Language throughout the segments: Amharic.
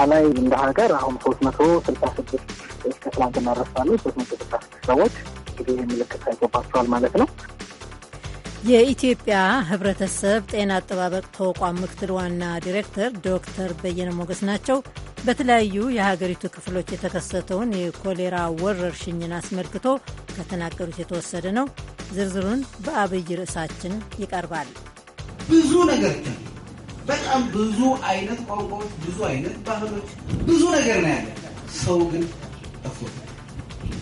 አጠቃላይ እንደ ሀገር አሁን ሶስት መቶ ስልሳ ስድስት እስከ ትላንትና ድረስ ሶስት መቶ ስልሳ ስድስት ሰዎች ጊዜ ምልክት ታይቶባቸዋል ማለት ነው። የኢትዮጵያ ሕብረተሰብ ጤና አጠባበቅ ተቋም ምክትል ዋና ዲሬክተር ዶክተር በየነ ሞገስ ናቸው። በተለያዩ የሀገሪቱ ክፍሎች የተከሰተውን የኮሌራ ወረርሽኝን አስመልክቶ ከተናገሩት የተወሰደ ነው። ዝርዝሩን በአብይ ርዕሳችን ይቀርባል። ብዙ ነገር በጣም ብዙ አይነት ቋንቋዎች፣ ብዙ አይነት ባህሎች፣ ብዙ ነገር ነው ያለ። ሰው ግን ጠፎ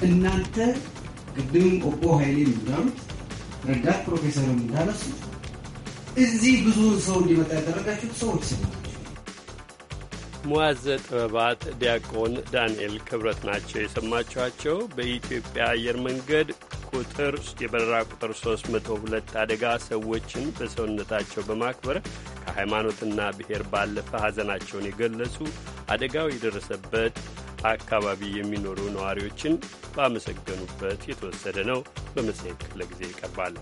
እናንተ ቅድምም ኦቦ ኃይሌ እንዳሉት ረዳት ፕሮፌሰርም እንዳነሱት እዚህ ብዙ ሰው እንዲመጣ ያደረጋችሁት ሰዎች ሙዓዘ ጥበባት ዲያቆን ዳንኤል ክብረት ናቸው የሰማችኋቸው። በኢትዮጵያ አየር መንገድ ቁጥር የበረራ ቁጥር 302 አደጋ ሰዎችን በሰውነታቸው በማክበር ከሃይማኖትና ብሔር ባለፈ ሐዘናቸውን የገለጹ አደጋው የደረሰበት አካባቢ የሚኖሩ ነዋሪዎችን ባመሰገኑበት የተወሰደ ነው። በመጽሔት ክፍለ ጊዜ ይቀርባል።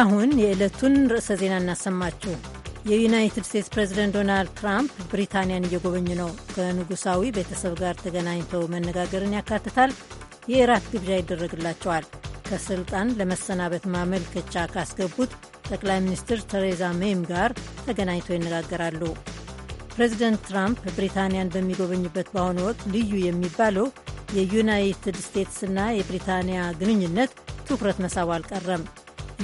አሁን የዕለቱን ርዕሰ ዜና እናሰማችሁ። የዩናይትድ ስቴትስ ፕሬዝደንት ዶናልድ ትራምፕ ብሪታንያን እየጎበኙ ነው። ከንጉሳዊ ቤተሰብ ጋር ተገናኝተው መነጋገርን ያካትታል። የኢራክ ግብዣ ይደረግላቸዋል። ከስልጣን ለመሰናበት ማመልከቻ ካስገቡት ጠቅላይ ሚኒስትር ተሬዛ ሜይም ጋር ተገናኝተው ይነጋገራሉ። ፕሬዝደንት ትራምፕ ብሪታንያን በሚጎበኝበት በአሁኑ ወቅት ልዩ የሚባለው የዩናይትድ ስቴትስና የብሪታንያ ግንኙነት ትኩረት መሳቡ አልቀረም።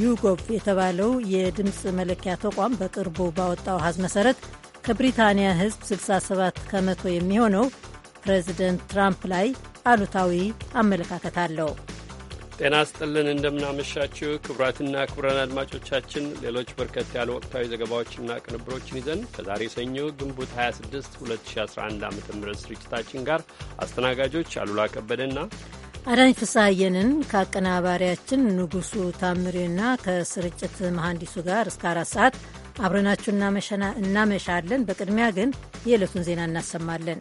ዩጎቭ የተባለው የድምፅ መለኪያ ተቋም በቅርቡ ባወጣው አሃዝ መሰረት ከብሪታንያ ሕዝብ 67 ከመቶ የሚሆነው ፕሬዚደንት ትራምፕ ላይ አሉታዊ አመለካከት አለው። ጤና ስጥልን፣ እንደምናመሻችው ክቡራትና ክቡራን አድማጮቻችን ሌሎች በርከት ያሉ ወቅታዊ ዘገባዎችና ቅንብሮችን ይዘን ከዛሬ ሰኞ ግንቦት 26 2011 ዓ ም ስርጭታችን ጋር አስተናጋጆች አሉላ ከበደና አዳኝ ፍስሐየንን ከአቀናባሪያችን ንጉሱ ታምሬና ከስርጭት መሐንዲሱ ጋር እስከ አራት ሰዓት አብረናችሁ እናመሻለን። በቅድሚያ ግን የዕለቱን ዜና እናሰማለን።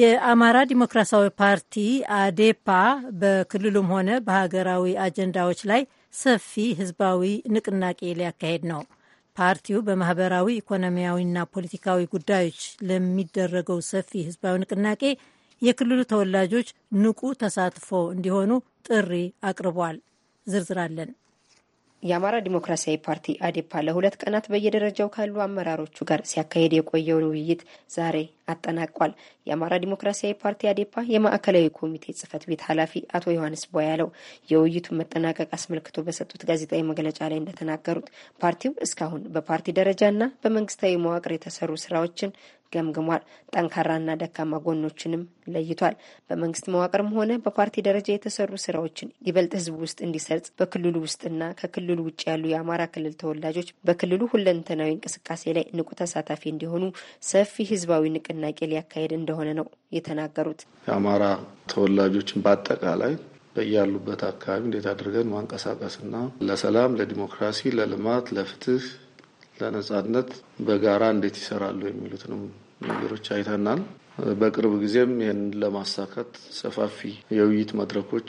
የአማራ ዲሞክራሲያዊ ፓርቲ አዴፓ በክልሉም ሆነ በሀገራዊ አጀንዳዎች ላይ ሰፊ ህዝባዊ ንቅናቄ ሊያካሄድ ነው። ፓርቲው በማህበራዊ ኢኮኖሚያዊና ፖለቲካዊ ጉዳዮች ለሚደረገው ሰፊ ህዝባዊ ንቅናቄ የክልሉ ተወላጆች ንቁ ተሳትፎ እንዲሆኑ ጥሪ አቅርቧል። ዝርዝራለን የአማራ ዲሞክራሲያዊ ፓርቲ አዴፓ ለሁለት ቀናት በየደረጃው ካሉ አመራሮቹ ጋር ሲያካሄድ የቆየውን ውይይት ዛሬ አጠናቋል። የአማራ ዲሞክራሲያዊ ፓርቲ አዴፓ የማዕከላዊ ኮሚቴ ጽህፈት ቤት ኃላፊ አቶ ዮሐንስ ቧያለው የውይይቱን መጠናቀቅ አስመልክቶ በሰጡት ጋዜጣዊ መግለጫ ላይ እንደተናገሩት ፓርቲው እስካሁን በፓርቲ ደረጃና በመንግስታዊ መዋቅር የተሰሩ ስራዎችን ገምግሟል። ጠንካራና ደካማ ጎኖችንም ለይቷል። በመንግስት መዋቅርም ሆነ በፓርቲ ደረጃ የተሰሩ ስራዎችን ይበልጥ ህዝብ ውስጥ እንዲሰርጽ በክልሉ ውስጥና ከክልሉ ውጭ ያሉ የአማራ ክልል ተወላጆች በክልሉ ሁለንተናዊ እንቅስቃሴ ላይ ንቁ ተሳታፊ እንዲሆኑ ሰፊ ህዝባዊ ንቅናቄ ሊያካሄድ እንደሆነ ነው የተናገሩት። የአማራ ተወላጆችን በአጠቃላይ በያሉበት አካባቢ እንዴት አድርገን ማንቀሳቀስና ለሰላም፣ ለዲሞክራሲ፣ ለልማት፣ ለፍትህ ለነጻነት በጋራ እንዴት ይሰራሉ የሚሉትንም ነገሮች አይተናል። በቅርብ ጊዜም ይህን ለማሳካት ሰፋፊ የውይይት መድረኮች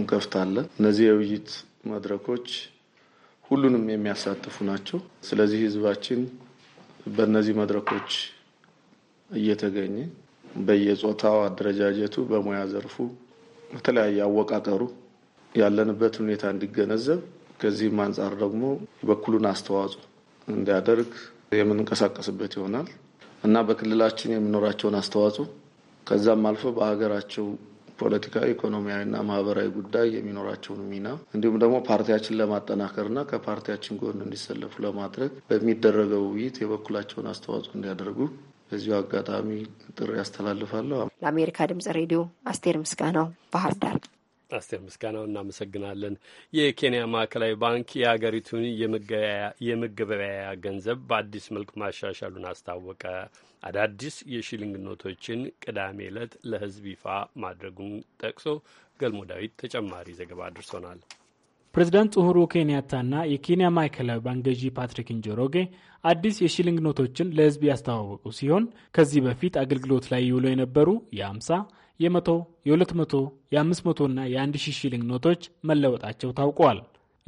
እንከፍታለን። እነዚህ የውይይት መድረኮች ሁሉንም የሚያሳትፉ ናቸው። ስለዚህ ህዝባችን በእነዚህ መድረኮች እየተገኘ በየጾታው አደረጃጀቱ፣ በሙያ ዘርፉ፣ በተለያየ አወቃቀሩ ያለንበት ሁኔታ እንዲገነዘብ ከዚህም አንጻር ደግሞ የበኩሉን አስተዋጽኦ እንዲያደርግ የምንንቀሳቀስበት ይሆናል እና በክልላችን የሚኖራቸውን አስተዋጽኦ ከዛም አልፎ በሀገራቸው ፖለቲካዊ፣ ኢኮኖሚያዊና ማህበራዊ ጉዳይ የሚኖራቸውን ሚና እንዲሁም ደግሞ ፓርቲያችን ለማጠናከር ና ከፓርቲያችን ጎን እንዲሰለፉ ለማድረግ በሚደረገው ውይይት የበኩላቸውን አስተዋጽኦ እንዲያደርጉ በዚሁ አጋጣሚ ጥሪ ያስተላልፋለሁ። ለአሜሪካ ድምጽ ሬዲዮ አስቴር ምስጋናው ባህር ዳር። አስቴር ምስጋናው እናመሰግናለን። የኬንያ ማዕከላዊ ባንክ የአገሪቱን የመገበያያ ገንዘብ በአዲስ መልክ ማሻሻሉን አስታወቀ። አዳዲስ የሺሊንግ ኖቶችን ቅዳሜ ዕለት ለሕዝብ ይፋ ማድረጉን ጠቅሶ ገልሞ ዳዊት ተጨማሪ ዘገባ አድርሶናል። ፕሬዚዳንት ኡሁሩ ኬንያታና የኬንያ ማዕከላዊ ባንክ ገዢ ፓትሪክ እንጆሮጌ አዲስ የሺሊንግ ኖቶችን ለሕዝብ ያስተዋወቁ ሲሆን ከዚህ በፊት አገልግሎት ላይ ይውሉ የነበሩ የ50 የመቶ የሁለት መቶ የአምስት መቶና የአንድ ሺህ ሺሊንግ ኖቶች መለወጣቸው ታውቋል።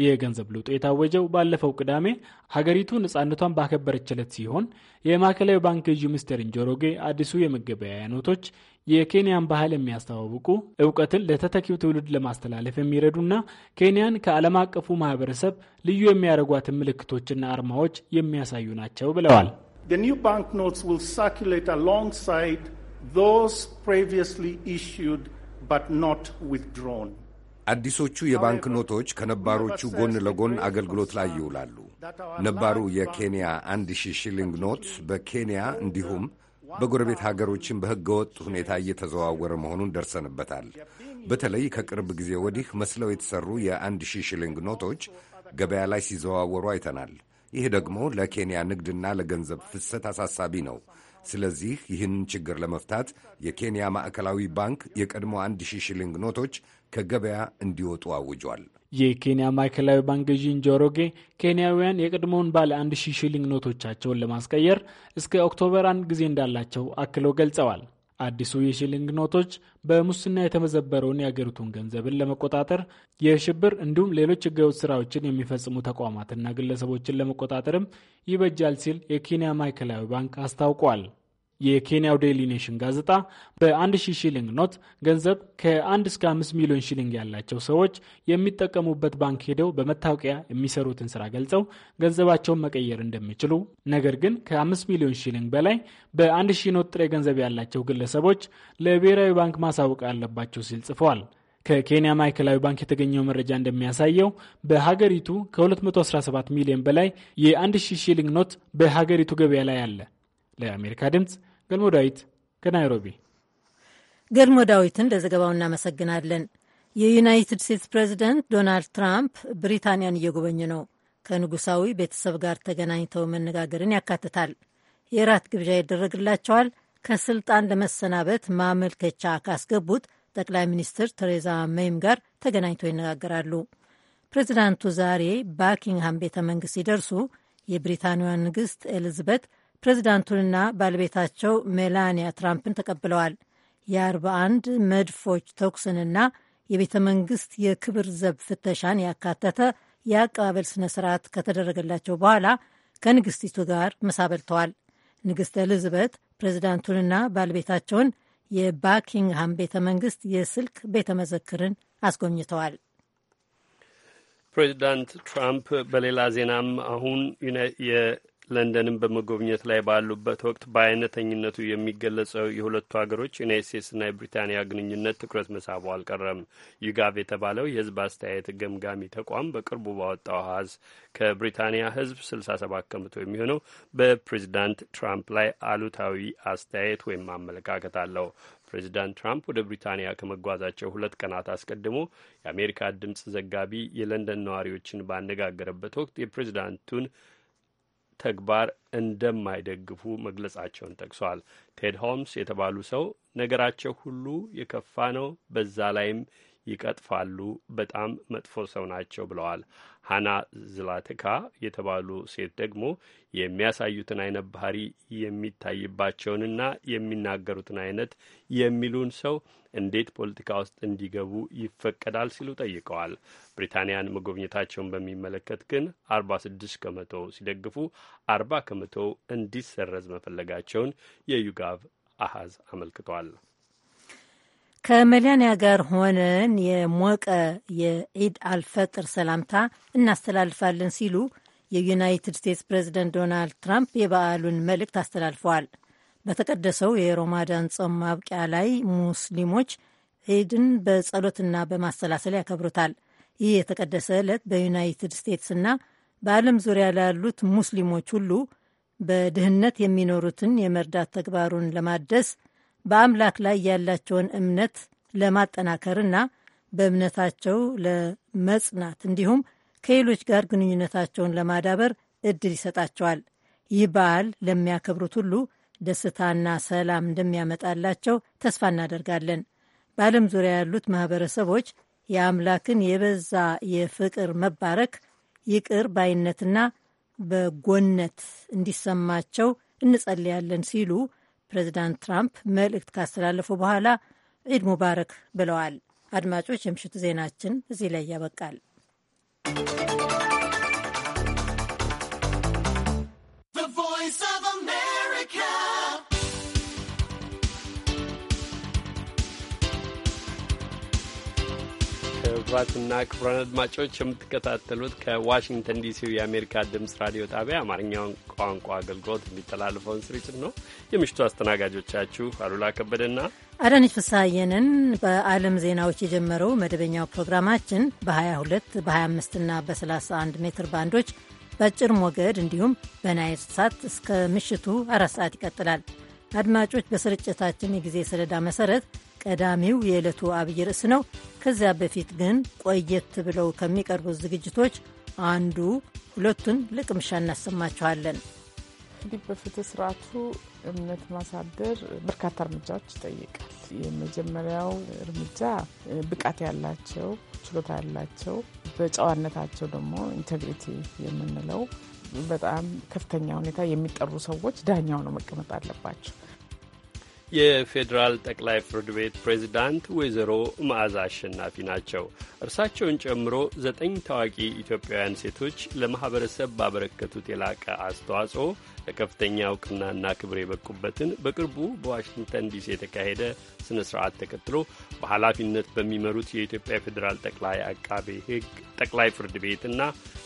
የገንዘብ ለውጡ የታወጀው ባለፈው ቅዳሜ ሀገሪቱ ነፃነቷን ባከበረች ዕለት ሲሆን የማዕከላዊ ባንክ ገዢው ሚስተር እንጆሮጌ አዲሱ የመገበያያ ኖቶች የኬንያን ባህል የሚያስተዋውቁ እውቀትን ለተተኪው ትውልድ ለማስተላለፍ የሚረዱና ኬንያን ከዓለም አቀፉ ማህበረሰብ ልዩ የሚያደርጓትን ምልክቶችና አርማዎች የሚያሳዩ ናቸው ብለዋል። those previously issued but not withdrawn አዲሶቹ የባንክ ኖቶች ከነባሮቹ ጎን ለጎን አገልግሎት ላይ ይውላሉ። ነባሩ የኬንያ አንድ ሺህ ሺሊንግ ኖት በኬንያ እንዲሁም በጎረቤት ሀገሮችን ወጥ ሁኔታ እየተዘዋወረ መሆኑን ደርሰንበታል። በተለይ ከቅርብ ጊዜ ወዲህ መስለው የተሰሩ የአንድ ሺህ ሺሊንግ ኖቶች ገበያ ላይ ሲዘዋወሩ አይተናል። ይህ ደግሞ ለኬንያ ንግድና ለገንዘብ ፍሰት አሳሳቢ ነው። ስለዚህ ይህንን ችግር ለመፍታት የኬንያ ማዕከላዊ ባንክ የቀድሞ አንድ ሺህ ሽሊንግ ኖቶች ከገበያ እንዲወጡ አውጇል። የኬንያ ማዕከላዊ ባንክ ገዢ እንጆሮጌ ኬንያውያን የቀድሞውን ባለ አንድ ሺህ ሽሊንግ ኖቶቻቸውን ለማስቀየር እስከ ኦክቶበር አንድ ጊዜ እንዳላቸው አክለው ገልጸዋል። አዲሱ የሽሊንግ ኖቶች በሙስና የተመዘበረውን የአገሪቱን ገንዘብን ለመቆጣጠር የሽብር እንዲሁም ሌሎች ህገወጥ ስራዎችን የሚፈጽሙ ተቋማትና ግለሰቦችን ለመቆጣጠርም ይበጃል ሲል የኬንያ ማዕከላዊ ባንክ አስታውቋል። የኬንያው ዴይሊ ኔሽን ጋዜጣ በአንድ ሺህ ሺሊንግ ኖት ገንዘብ ከአንድ እስከ አምስት ሚሊዮን ሺሊንግ ያላቸው ሰዎች የሚጠቀሙበት ባንክ ሄደው በመታወቂያ የሚሰሩትን ስራ ገልጸው ገንዘባቸውን መቀየር እንደሚችሉ፣ ነገር ግን ከአምስት ሚሊዮን ሺሊንግ በላይ በአንድ ሺህ ኖት ጥሬ ገንዘብ ያላቸው ግለሰቦች ለብሔራዊ ባንክ ማሳወቅ አለባቸው ሲል ጽፈዋል። ከኬንያ ማዕከላዊ ባንክ የተገኘው መረጃ እንደሚያሳየው በሀገሪቱ ከ217 ሚሊዮን በላይ የ1000 ሺሊንግ ኖት በሀገሪቱ ገበያ ላይ አለ። ለአሜሪካ ድምፅ ገልሞ ዳዊት ከናይሮቢ። ገልሞ ዳዊትን ለዘገባው እናመሰግናለን። የዩናይትድ ስቴትስ ፕሬዚደንት ዶናልድ ትራምፕ ብሪታንያን እየጎበኙ ነው። ከንጉሳዊ ቤተሰብ ጋር ተገናኝተው መነጋገርን ያካትታል። የራት ግብዣ ይደረግላቸዋል። ከስልጣን ለመሰናበት ማመልከቻ ካስገቡት ጠቅላይ ሚኒስትር ቴሬዛ ሜይም ጋር ተገናኝተው ይነጋገራሉ። ፕሬዚዳንቱ ዛሬ ባኪንግሃም ቤተ መንግስት ሲደርሱ የብሪታንያ ንግሥት ኤልዝበት ፕሬዚዳንቱንና ባለቤታቸው ሜላንያ ትራምፕን ተቀብለዋል። የ41 መድፎች ተኩስንና የቤተ መንግስት የክብር ዘብ ፍተሻን ያካተተ የአቀባበል ስነ ስርዓት ከተደረገላቸው በኋላ ከንግሥቲቱ ጋር ምሳ በልተዋል። ንግሥት ኤልዝበት ፕሬዚዳንቱንና ባለቤታቸውን የባኪንግሃም ቤተ መንግስት የስልክ ቤተ መዘክርን አስጎብኝተዋል። ፕሬዚዳንት ትራምፕ በሌላ ዜናም አሁን ለንደንም በመጎብኘት ላይ ባሉበት ወቅት በአይነተኝነቱ የሚገለጸው የሁለቱ ሀገሮች ዩናይት ስቴትስና የብሪታንያ ግንኙነት ትኩረት መሳቡ አልቀረም። ዩጋቭ የተባለው የህዝብ አስተያየት ገምጋሚ ተቋም በቅርቡ ባወጣው አሀዝ ከብሪታንያ ሕዝብ 67 ከመቶ የሚሆነው በፕሬዚዳንት ትራምፕ ላይ አሉታዊ አስተያየት ወይም አመለካከት አለው። ፕሬዚዳንት ትራምፕ ወደ ብሪታንያ ከመጓዛቸው ሁለት ቀናት አስቀድሞ የአሜሪካ ድምፅ ዘጋቢ የለንደን ነዋሪዎችን ባነጋገረበት ወቅት የፕሬዚዳንቱን ተግባር እንደማይደግፉ መግለጻቸውን ጠቅሷል። ቴድ ሆምስ የተባሉ ሰው ነገራቸው ሁሉ የከፋ ነው፣ በዛ ላይም ይቀጥፋሉ፣ በጣም መጥፎ ሰው ናቸው ብለዋል። ሀና ዝላትካ የተባሉ ሴት ደግሞ የሚያሳዩትን አይነት ባህሪ የሚታይባቸውንና የሚናገሩትን አይነት የሚሉን ሰው እንዴት ፖለቲካ ውስጥ እንዲገቡ ይፈቀዳል ሲሉ ጠይቀዋል። ብሪታንያን መጎብኘታቸውን በሚመለከት ግን አርባ ስድስት ከመቶ ሲደግፉ አርባ ከመቶ እንዲሰረዝ መፈለጋቸውን የዩጋቭ አሃዝ አመልክቷል። ከመላንያ ጋር ሆነን የሞቀ የኢድ አልፈጥር ሰላምታ እናስተላልፋለን ሲሉ የዩናይትድ ስቴትስ ፕሬዚደንት ዶናልድ ትራምፕ የበዓሉን መልእክት አስተላልፈዋል። በተቀደሰው የሮማዳን ጾም ማብቂያ ላይ ሙስሊሞች ዒድን በጸሎትና በማሰላሰል ያከብሩታል። ይህ የተቀደሰ ዕለት በዩናይትድ ስቴትስና በዓለም ዙሪያ ላሉት ሙስሊሞች ሁሉ በድህነት የሚኖሩትን የመርዳት ተግባሩን ለማደስ በአምላክ ላይ ያላቸውን እምነት ለማጠናከርና በእምነታቸው ለመጽናት እንዲሁም ከሌሎች ጋር ግንኙነታቸውን ለማዳበር እድል ይሰጣቸዋል። ይህ በዓል ለሚያከብሩት ሁሉ ደስታና ሰላም እንደሚያመጣላቸው ተስፋ እናደርጋለን። በዓለም ዙሪያ ያሉት ማህበረሰቦች የአምላክን የበዛ የፍቅር መባረክ፣ ይቅር ባይነትና በጎነት እንዲሰማቸው እንጸልያለን ሲሉ ፕሬዚዳንት ትራምፕ መልእክት ካስተላለፉ በኋላ ዒድ ሙባረክ ብለዋል። አድማጮች፣ የምሽቱ ዜናችን እዚህ ላይ ያበቃል። ክቡራትና ክቡራን አድማጮች የምትከታተሉት ከዋሽንግተን ዲሲ የአሜሪካ ድምፅ ራዲዮ ጣቢያ አማርኛውን ቋንቋ አገልግሎት የሚተላለፈውን ስርጭት ነው። የምሽቱ አስተናጋጆቻችሁ አሉላ ከበደና አዳነች ፍስሐየንን። በዓለም ዜናዎች የጀመረው መደበኛው ፕሮግራማችን በ22 በ25ና በ31 ሜትር ባንዶች በአጭር ሞገድ እንዲሁም በናይል ሳት እስከ ምሽቱ አራት ሰዓት ይቀጥላል። አድማጮች በስርጭታችን የጊዜ ሰሌዳ መሰረት ቀዳሚው የዕለቱ አብይ ርዕስ ነው። ከዚያ በፊት ግን ቆየት ብለው ከሚቀርቡት ዝግጅቶች አንዱ ሁለቱን ለቅምሻ እናሰማችኋለን። እንግዲህ በፍትህ ስርዓቱ እምነት ማሳደር በርካታ እርምጃዎች ይጠይቃል። የመጀመሪያው እርምጃ ብቃት ያላቸው ችሎታ ያላቸው በጨዋነታቸው ደግሞ ኢንቴግሪቲ የምንለው በጣም ከፍተኛ ሁኔታ የሚጠሩ ሰዎች ዳኛው ነው መቀመጥ አለባቸው። የፌዴራል ጠቅላይ ፍርድ ቤት ፕሬዚዳንት ወይዘሮ መዓዛ አሸናፊ ናቸው። እርሳቸውን ጨምሮ ዘጠኝ ታዋቂ ኢትዮጵያውያን ሴቶች ለማኅበረሰብ ባበረከቱት የላቀ አስተዋጽኦ ለከፍተኛ እውቅናና ክብር የበቁበትን በቅርቡ በዋሽንግተን ዲሲ የተካሄደ ስነ ስርዓት ተከትሎ በኃላፊነት በሚመሩት የኢትዮጵያ ፌዴራል ጠቅላይ አቃቤ ሕግ ጠቅላይ ፍርድ ቤትና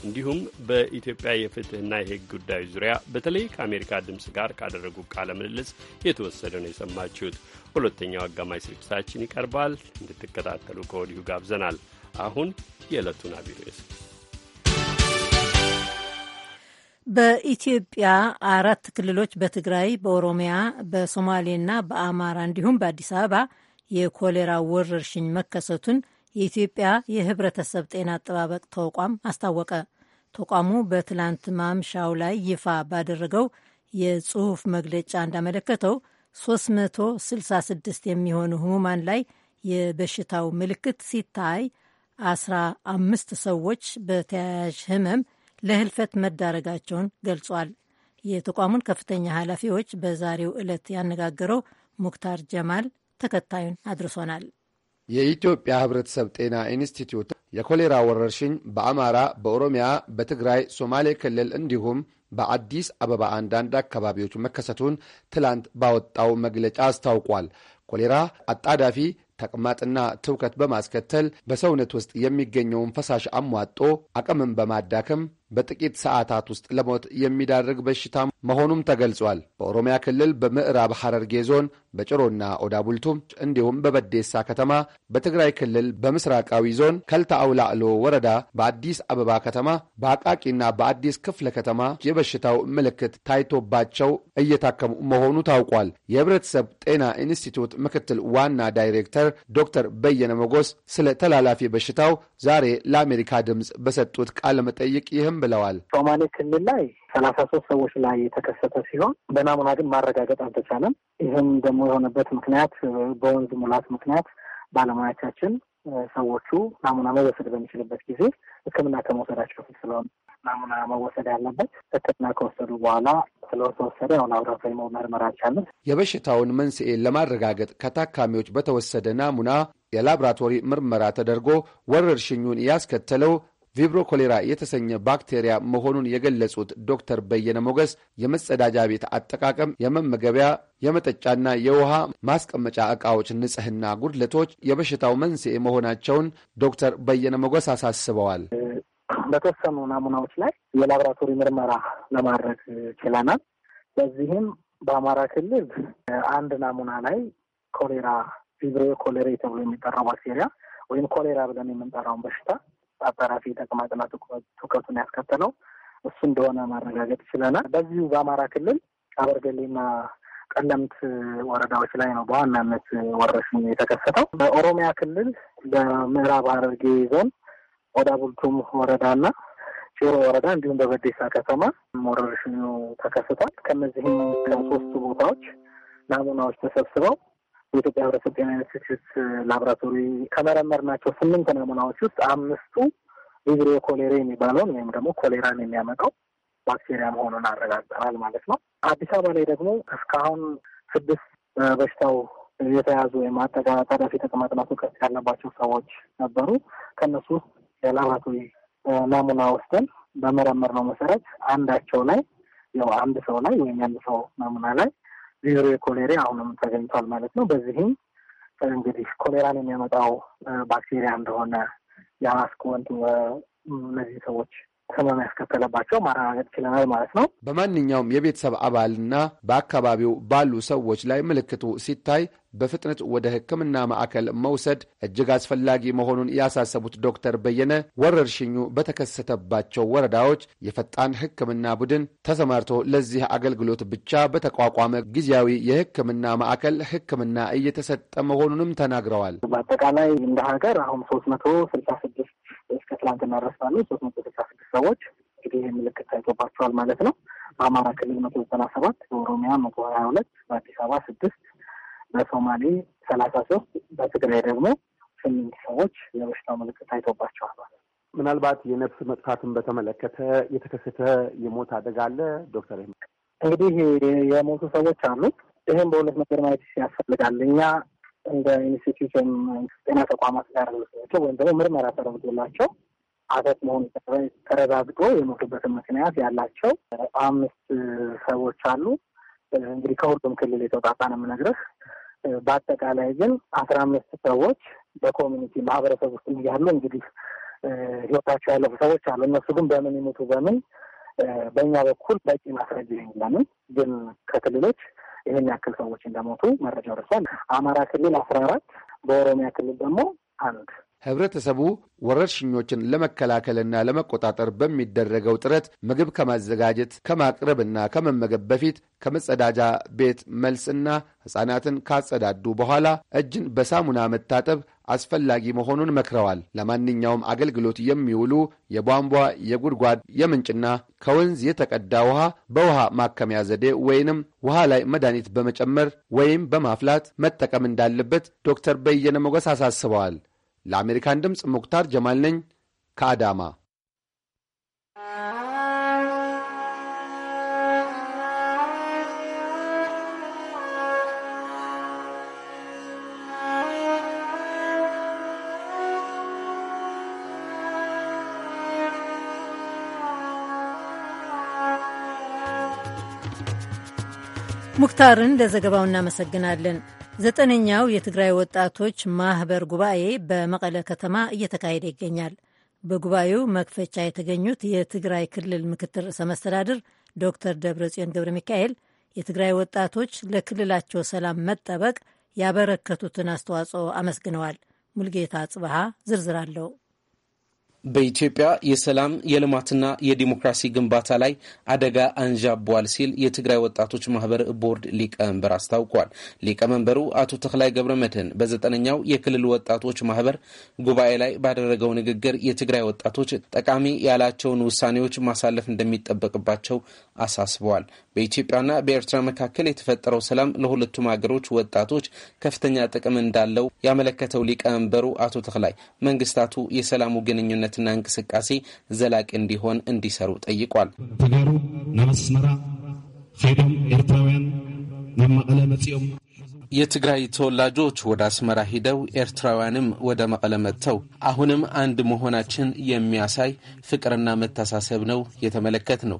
እንዲሁም በኢትዮጵያ የፍትህና የሕግ ጉዳዮች ዙሪያ በተለይ ከአሜሪካ ድምፅ ጋር ካደረጉ ቃለ ምልልስ የተወሰደ ነው የሰማችሁት። ሁለተኛው አጋማሽ ስርጭታችን ይቀርባል። እንድትከታተሉ ከወዲሁ ጋብዘናል። አሁን የዕለቱን አቢሮ ርዕስ በኢትዮጵያ አራት ክልሎች በትግራይ፣ በኦሮሚያ፣ በሶማሌና በአማራ እንዲሁም በአዲስ አበባ የኮሌራ ወረርሽኝ መከሰቱን የኢትዮጵያ የሕብረተሰብ ጤና አጠባበቅ ተቋም አስታወቀ። ተቋሙ በትላንት ማምሻው ላይ ይፋ ባደረገው የጽሑፍ መግለጫ እንዳመለከተው 366 የሚሆኑ ህሙማን ላይ የበሽታው ምልክት ሲታይ 15 ሰዎች በተያያዥ ህመም ለህልፈት መዳረጋቸውን ገልጿል። የተቋሙን ከፍተኛ ኃላፊዎች በዛሬው ዕለት ያነጋገረው ሙክታር ጀማል ተከታዩን አድርሶናል። የኢትዮጵያ ህብረተሰብ ጤና ኢንስቲትዩት የኮሌራ ወረርሽኝ በአማራ፣ በኦሮሚያ፣ በትግራይ፣ ሶማሌ ክልል እንዲሁም በአዲስ አበባ አንዳንድ አካባቢዎች መከሰቱን ትላንት ባወጣው መግለጫ አስታውቋል። ኮሌራ አጣዳፊ ተቅማጥና ትውከት በማስከተል በሰውነት ውስጥ የሚገኘውን ፈሳሽ አሟጦ አቅምን በማዳከም በጥቂት ሰዓታት ውስጥ ለሞት የሚዳርግ በሽታ መሆኑም ተገልጿል። በኦሮሚያ ክልል በምዕራብ ሐረርጌ ዞን በጭሮና ኦዳቡልቱም እንዲሁም በበዴሳ ከተማ፣ በትግራይ ክልል በምስራቃዊ ዞን ከልተ አውላዕሎ ወረዳ፣ በአዲስ አበባ ከተማ፣ በአቃቂና በአዲስ ክፍለ ከተማ የበሽታው ምልክት ታይቶባቸው እየታከሙ መሆኑ ታውቋል። የህብረተሰብ ጤና ኢንስቲትዩት ምክትል ዋና ዳይሬክተር ዶክተር በየነ መጎስ ስለ ተላላፊ በሽታው ዛሬ ለአሜሪካ ድምፅ በሰጡት ቃለ መጠይቅ ይህም አይደለም ብለዋል። ሶማሌ ክልል ላይ ሰላሳ ሶስት ሰዎች ላይ የተከሰተ ሲሆን በናሙና ግን ማረጋገጥ አልተቻለም። ይህም ደግሞ የሆነበት ምክንያት በወንዝ ሙላት ምክንያት ባለሙያቻችን ሰዎቹ ናሙና መወሰድ በሚችልበት ጊዜ ሕክምና ከመውሰዳቸው በፊት ስለሆነ ናሙና መወሰድ ያለበት ሕክምና ከወሰዱ በኋላ ስለተወሰደ አሁን ላብራቶሪ መመርመር አልቻለም። የበሽታውን መንስኤ ለማረጋገጥ ከታካሚዎች በተወሰደ ናሙና የላብራቶሪ ምርመራ ተደርጎ ወረርሽኙን ያስከተለው ቪብሮ ኮሌራ የተሰኘ ባክቴሪያ መሆኑን የገለጹት ዶክተር በየነ ሞገስ የመጸዳጃ ቤት አጠቃቀም፣ የመመገቢያ የመጠጫና የውሃ ማስቀመጫ እቃዎች ንጽህና ጉድለቶች የበሽታው መንስኤ መሆናቸውን ዶክተር በየነ ሞገስ አሳስበዋል። በተወሰኑ ናሙናዎች ላይ የላብራቶሪ ምርመራ ለማድረግ ችለናል። በዚህም በአማራ ክልል አንድ ናሙና ላይ ኮሌራ ቪብሮ ኮሌሬ ተብሎ የሚጠራው ባክቴሪያ ወይም ኮሌራ ብለን የምንጠራውን በሽታ አጣራፊ ተቅማጥና ትውከቱን ያስከተለው እሱ እንደሆነ ማረጋገጥ ችለናል። በዚሁ በአማራ ክልል አበርገሌና ቀለምት ወረዳዎች ላይ ነው በዋናነት ወረርሽኙ የተከሰተው። በኦሮሚያ ክልል በምዕራብ ሐረርጌ ዞን ኦዳ ቡልቱም ወረዳና ጭሮ ወረዳ እንዲሁም በበዴሳ ከተማ ወረርሽኙ ተከስቷል። ከነዚህም ከሶስቱ ቦታዎች ናሙናዎች ተሰብስበው የኢትዮጵያ ሕብረተሰብ ጤና ኢንስቲትዩት ላቦራቶሪ ከመረመር ናቸው ስምንት ናሙናዎች ውስጥ አምስቱ ቪብሪዮ ኮሌሬ የሚባለውን ወይም ደግሞ ኮሌራን የሚያመጣው ባክቴሪያ መሆኑን አረጋግጠናል ማለት ነው። አዲስ አበባ ላይ ደግሞ እስካሁን ስድስት በሽታው የተያዙ ወይም አጠቃጠረፊ ተቀማጥናቱ ትውከት ያለባቸው ሰዎች ነበሩ። ከእነሱ ውስጥ የላቦራቶሪ ናሙና ወስደን በመረመር ነው መሰረት አንዳቸው ላይ ያው አንድ ሰው ላይ ወይም አንድ ሰው ናሙና ላይ ዜሮ የኮሌሬ አሁንም ተገኝቷል ማለት ነው። በዚህም እንግዲህ ኮሌራን የሚያመጣው ባክቴሪያ እንደሆነ የማስክ ወንድ እነዚህ ሰዎች ህመም ያስከተለባቸው ማረጋገጥ ችለናል ማለት ነው። በማንኛውም የቤተሰብ አባልና በአካባቢው ባሉ ሰዎች ላይ ምልክቱ ሲታይ በፍጥነት ወደ ሕክምና ማዕከል መውሰድ እጅግ አስፈላጊ መሆኑን ያሳሰቡት ዶክተር በየነ ወረርሽኙ በተከሰተባቸው ወረዳዎች የፈጣን ሕክምና ቡድን ተሰማርቶ ለዚህ አገልግሎት ብቻ በተቋቋመ ጊዜያዊ የሕክምና ማዕከል ሕክምና እየተሰጠ መሆኑንም ተናግረዋል። በአጠቃላይ እንደ ሀገር አሁን ሶስት መቶ ስልሳ ስድስት እስከ ትላንትና ድረስ ሶስት መቶ ስልሳ ስድስት ሰዎች እንግዲህ ይህ ምልክት ታይቶባቸዋል ማለት ነው። በአማራ ክልል መቶ ዘጠና ሰባት በኦሮሚያ መቶ ሀያ ሁለት በአዲስ አበባ ስድስት በሶማሌ ሰላሳ ሶስት በትግራይ ደግሞ ስምንት ሰዎች የበሽታው ምልክት ታይቶባቸዋል። ምናልባት የነፍስ መጥፋትን በተመለከተ የተከሰተ የሞት አደጋ አለ ዶክተር? እንግዲህ የሞቱ ሰዎች አሉ። ይህም በሁለት ነገር ማየት ያስፈልጋል። እኛ እንደ ኢንስቲትዩሽን ጤና ተቋማት ጋር ናቸው ወይም ደግሞ ምርመራ ተረግቶላቸው አተት መሆኑ ተረጋግጦ የሞቱበትን ምክንያት ያላቸው አምስት ሰዎች አሉ። እንግዲህ ከሁሉም ክልል የተውጣጣ ነው የምነግርህ። በአጠቃላይ ግን አስራ አምስት ሰዎች በኮሚኒቲ ማህበረሰብ ውስጥ እያሉ እንግዲህ ህይወታቸው ያለፉ ሰዎች አሉ። እነሱ ግን በምን ይሞቱ በምን በእኛ በኩል በቂ ማስረጃ የለንም። ግን ከክልሎች ይህን ያክል ሰዎች እንደሞቱ መረጃው ደርሷል። አማራ ክልል አስራ አራት በኦሮሚያ ክልል ደግሞ አንድ። ህብረተሰቡ ወረርሽኞችን ለመከላከልና ለመቆጣጠር በሚደረገው ጥረት ምግብ ከማዘጋጀት ከማቅረብና ከመመገብ በፊት ከመጸዳጃ ቤት መልስና ሕፃናትን ካጸዳዱ በኋላ እጅን በሳሙና መታጠብ አስፈላጊ መሆኑን መክረዋል። ለማንኛውም አገልግሎት የሚውሉ የቧንቧ፣ የጉድጓድ፣ የምንጭና ከወንዝ የተቀዳ ውሃ በውሃ ማከሚያ ዘዴ ወይንም ውሃ ላይ መድኃኒት በመጨመር ወይም በማፍላት መጠቀም እንዳለበት ዶክተር በየነ ሞገስ አሳስበዋል። ለአሜሪካን ድምፅ ሙክታር ጀማል ነኝ ከአዳማ ሙክታርን ለዘገባው እናመሰግናለን። ዘጠነኛው የትግራይ ወጣቶች ማህበር ጉባኤ በመቀለ ከተማ እየተካሄደ ይገኛል። በጉባኤው መክፈቻ የተገኙት የትግራይ ክልል ምክትል ርዕሰ መስተዳድር ዶክተር ጽዮን ገብረ ሚካኤል የትግራይ ወጣቶች ለክልላቸው ሰላም መጠበቅ ያበረከቱትን አስተዋጽኦ አመስግነዋል። ሙልጌታ ጽብሃ ዝርዝር አለው። በኢትዮጵያ የሰላም የልማትና የዲሞክራሲ ግንባታ ላይ አደጋ አንዣቧል ሲል የትግራይ ወጣቶች ማህበር ቦርድ ሊቀመንበር አስታውቋል። ሊቀመንበሩ አቶ ተክላይ ገብረ መድህን በዘጠነኛው የክልል ወጣቶች ማህበር ጉባኤ ላይ ባደረገው ንግግር የትግራይ ወጣቶች ጠቃሚ ያላቸውን ውሳኔዎች ማሳለፍ እንደሚጠበቅባቸው አሳስበዋል። በኢትዮጵያና በኤርትራ መካከል የተፈጠረው ሰላም ለሁለቱም ሀገሮች ወጣቶች ከፍተኛ ጥቅም እንዳለው ያመለከተው ሊቀመንበሩ አቶ ተክላይ መንግስታቱ የሰላሙ ግንኙነት ግንኙነትና እንቅስቃሴ ዘላቂ እንዲሆን እንዲሰሩ ጠይቋል። ተጋሩ ናመስመራ ሄዶም ኤርትራውያን ናብ መቐለ መጺኦም የትግራይ ተወላጆች ወደ አስመራ ሂደው ኤርትራውያንም ወደ መቀለ መጥተው አሁንም አንድ መሆናችን የሚያሳይ ፍቅርና መተሳሰብ ነው የተመለከት ነው።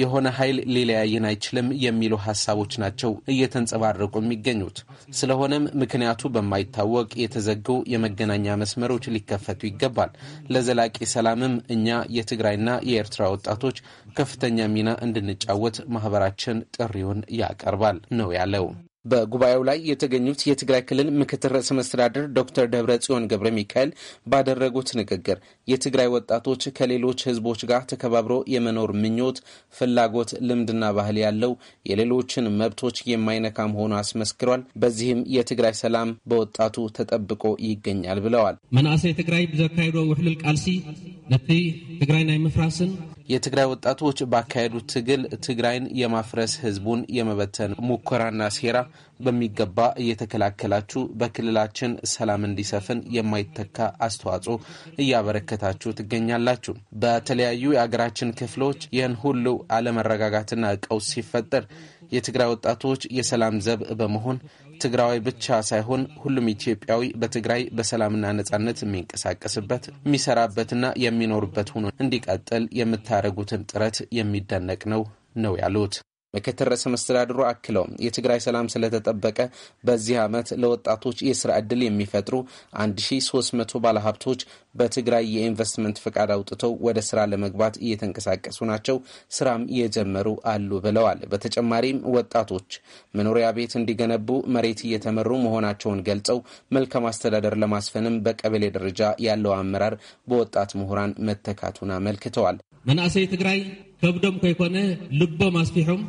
የሆነ ኃይል ሊለያየን አይችልም የሚሉ ሀሳቦች ናቸው እየተንጸባረቁ የሚገኙት። ስለሆነም ምክንያቱ በማይታወቅ የተዘጉ የመገናኛ መስመሮች ሊከፈቱ ይገባል። ለዘላቂ ሰላምም እኛ የትግራይና የኤርትራ ወጣቶች ከፍተኛ ሚና እንድንጫወት ማህበራችን ጥሪውን ያቀርባል ነው ያለው። በጉባኤው ላይ የተገኙት የትግራይ ክልል ምክትል ርዕሰ መስተዳድር ዶክተር ደብረ ጽዮን ገብረ ሚካኤል ባደረጉት ንግግር የትግራይ ወጣቶች ከሌሎች ሕዝቦች ጋር ተከባብሮ የመኖር ምኞት፣ ፍላጎት፣ ልምድና ባህል ያለው የሌሎችን መብቶች የማይነካ መሆኑ አስመስክሯል። በዚህም የትግራይ ሰላም በወጣቱ ተጠብቆ ይገኛል ብለዋል። መናእሰይ ትግራይ ብዘካይዶ ውሕልል ቃልሲ ነቲ ትግራይ ናይ ምፍራስን የትግራይ ወጣቶች ባካሄዱት ትግል ትግራይን የማፍረስ ህዝቡን የመበተን ሙከራና ሴራ በሚገባ እየተከላከላችሁ በክልላችን ሰላም እንዲሰፍን የማይተካ አስተዋጽኦ እያበረከታችሁ ትገኛላችሁ። በተለያዩ የአገራችን ክፍሎች ይህን ሁሉ አለመረጋጋትና ቀውስ ሲፈጠር የትግራይ ወጣቶች የሰላም ዘብ በመሆን ትግራዋይ ብቻ ሳይሆን ሁሉም ኢትዮጵያዊ በትግራይ በሰላምና ነጻነት የሚንቀሳቀስበት የሚሰራበትና የሚኖርበት ሆኖ እንዲቀጥል የምታደርጉትን ጥረት የሚደነቅ ነው ነው ያሉት። ምክትል ርዕሰ መስተዳድሩ አክለው የትግራይ ሰላም ስለተጠበቀ በዚህ ዓመት ለወጣቶች የስራ ዕድል የሚፈጥሩ 1300 ባለሀብቶች በትግራይ የኢንቨስትመንት ፍቃድ አውጥተው ወደ ስራ ለመግባት እየተንቀሳቀሱ ናቸው፣ ስራም እየጀመሩ አሉ ብለዋል። በተጨማሪም ወጣቶች መኖሪያ ቤት እንዲገነቡ መሬት እየተመሩ መሆናቸውን ገልጸው መልካም አስተዳደር ለማስፈንም በቀበሌ ደረጃ ያለው አመራር በወጣት ምሁራን መተካቱን አመልክተዋል። መናእሰይ ትግራይ ከብዶም ከይኮነ ልቦም አስፊሖም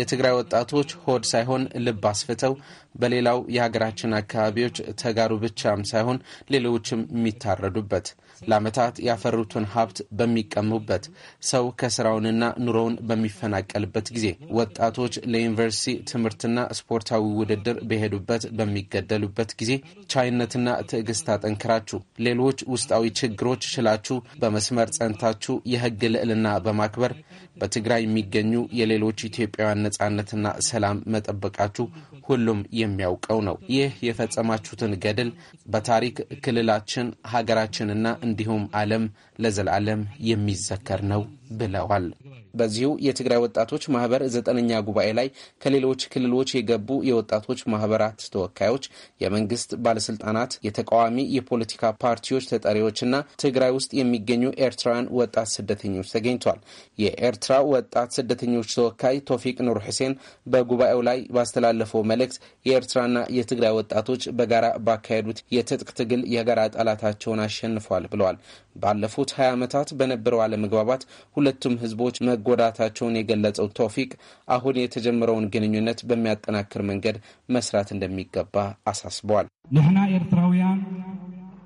የትግራይ ወጣቶች ሆድ ሳይሆን ልብ አስፍተው በሌላው የሀገራችን አካባቢዎች ተጋሩ ብቻም ሳይሆን ሌሎችም የሚታረዱበት ለአመታት ያፈሩትን ሀብት በሚቀሙበት ሰው ከስራውንና ኑሮውን በሚፈናቀልበት ጊዜ ወጣቶች ለዩኒቨርሲቲ ትምህርትና ስፖርታዊ ውድድር በሄዱበት በሚገደሉበት ጊዜ ቻይነትና ትዕግስት አጠንክራችሁ ሌሎች ውስጣዊ ችግሮች ችላችሁ በመስመር ጸንታችሁ የህግ ልዕልና በማክበር በትግራይ የሚገኙ የሌሎች ኢትዮጵያውያን ነጻነትና ሰላም መጠበቃችሁ ሁሉም የሚያውቀው ነው። ይህ የፈጸማችሁትን ገድል በታሪክ ክልላችን፣ ሀገራችንና እንዲሁም ዓለም ለዘላለም የሚዘከር ነው ብለዋል። በዚሁ የትግራይ ወጣቶች ማህበር ዘጠነኛ ጉባኤ ላይ ከሌሎች ክልሎች የገቡ የወጣቶች ማህበራት ተወካዮች፣ የመንግስት ባለስልጣናት፣ የተቃዋሚ የፖለቲካ ፓርቲዎች ተጠሪዎችና ትግራይ ውስጥ የሚገኙ ኤርትራውያን ወጣት ስደተኞች ተገኝቷል። የኤርትራ ወጣት ስደተኞች ተወካይ ቶፊቅ ኑር ሑሴን በጉባኤው ላይ ባስተላለፈው መልእክት የኤርትራና የትግራይ ወጣቶች በጋራ ባካሄዱት የትጥቅ ትግል የጋራ ጠላታቸውን አሸንፏል ብለዋል። ባለፉት 20 ዓመታት በነበረው አለመግባባት ሁለቱም ህዝቦች መጎዳታቸውን የገለጸው ቶፊቅ አሁን የተጀመረውን ግንኙነት በሚያጠናክር መንገድ መስራት እንደሚገባ አሳስበዋል። ንሕና ኤርትራውያን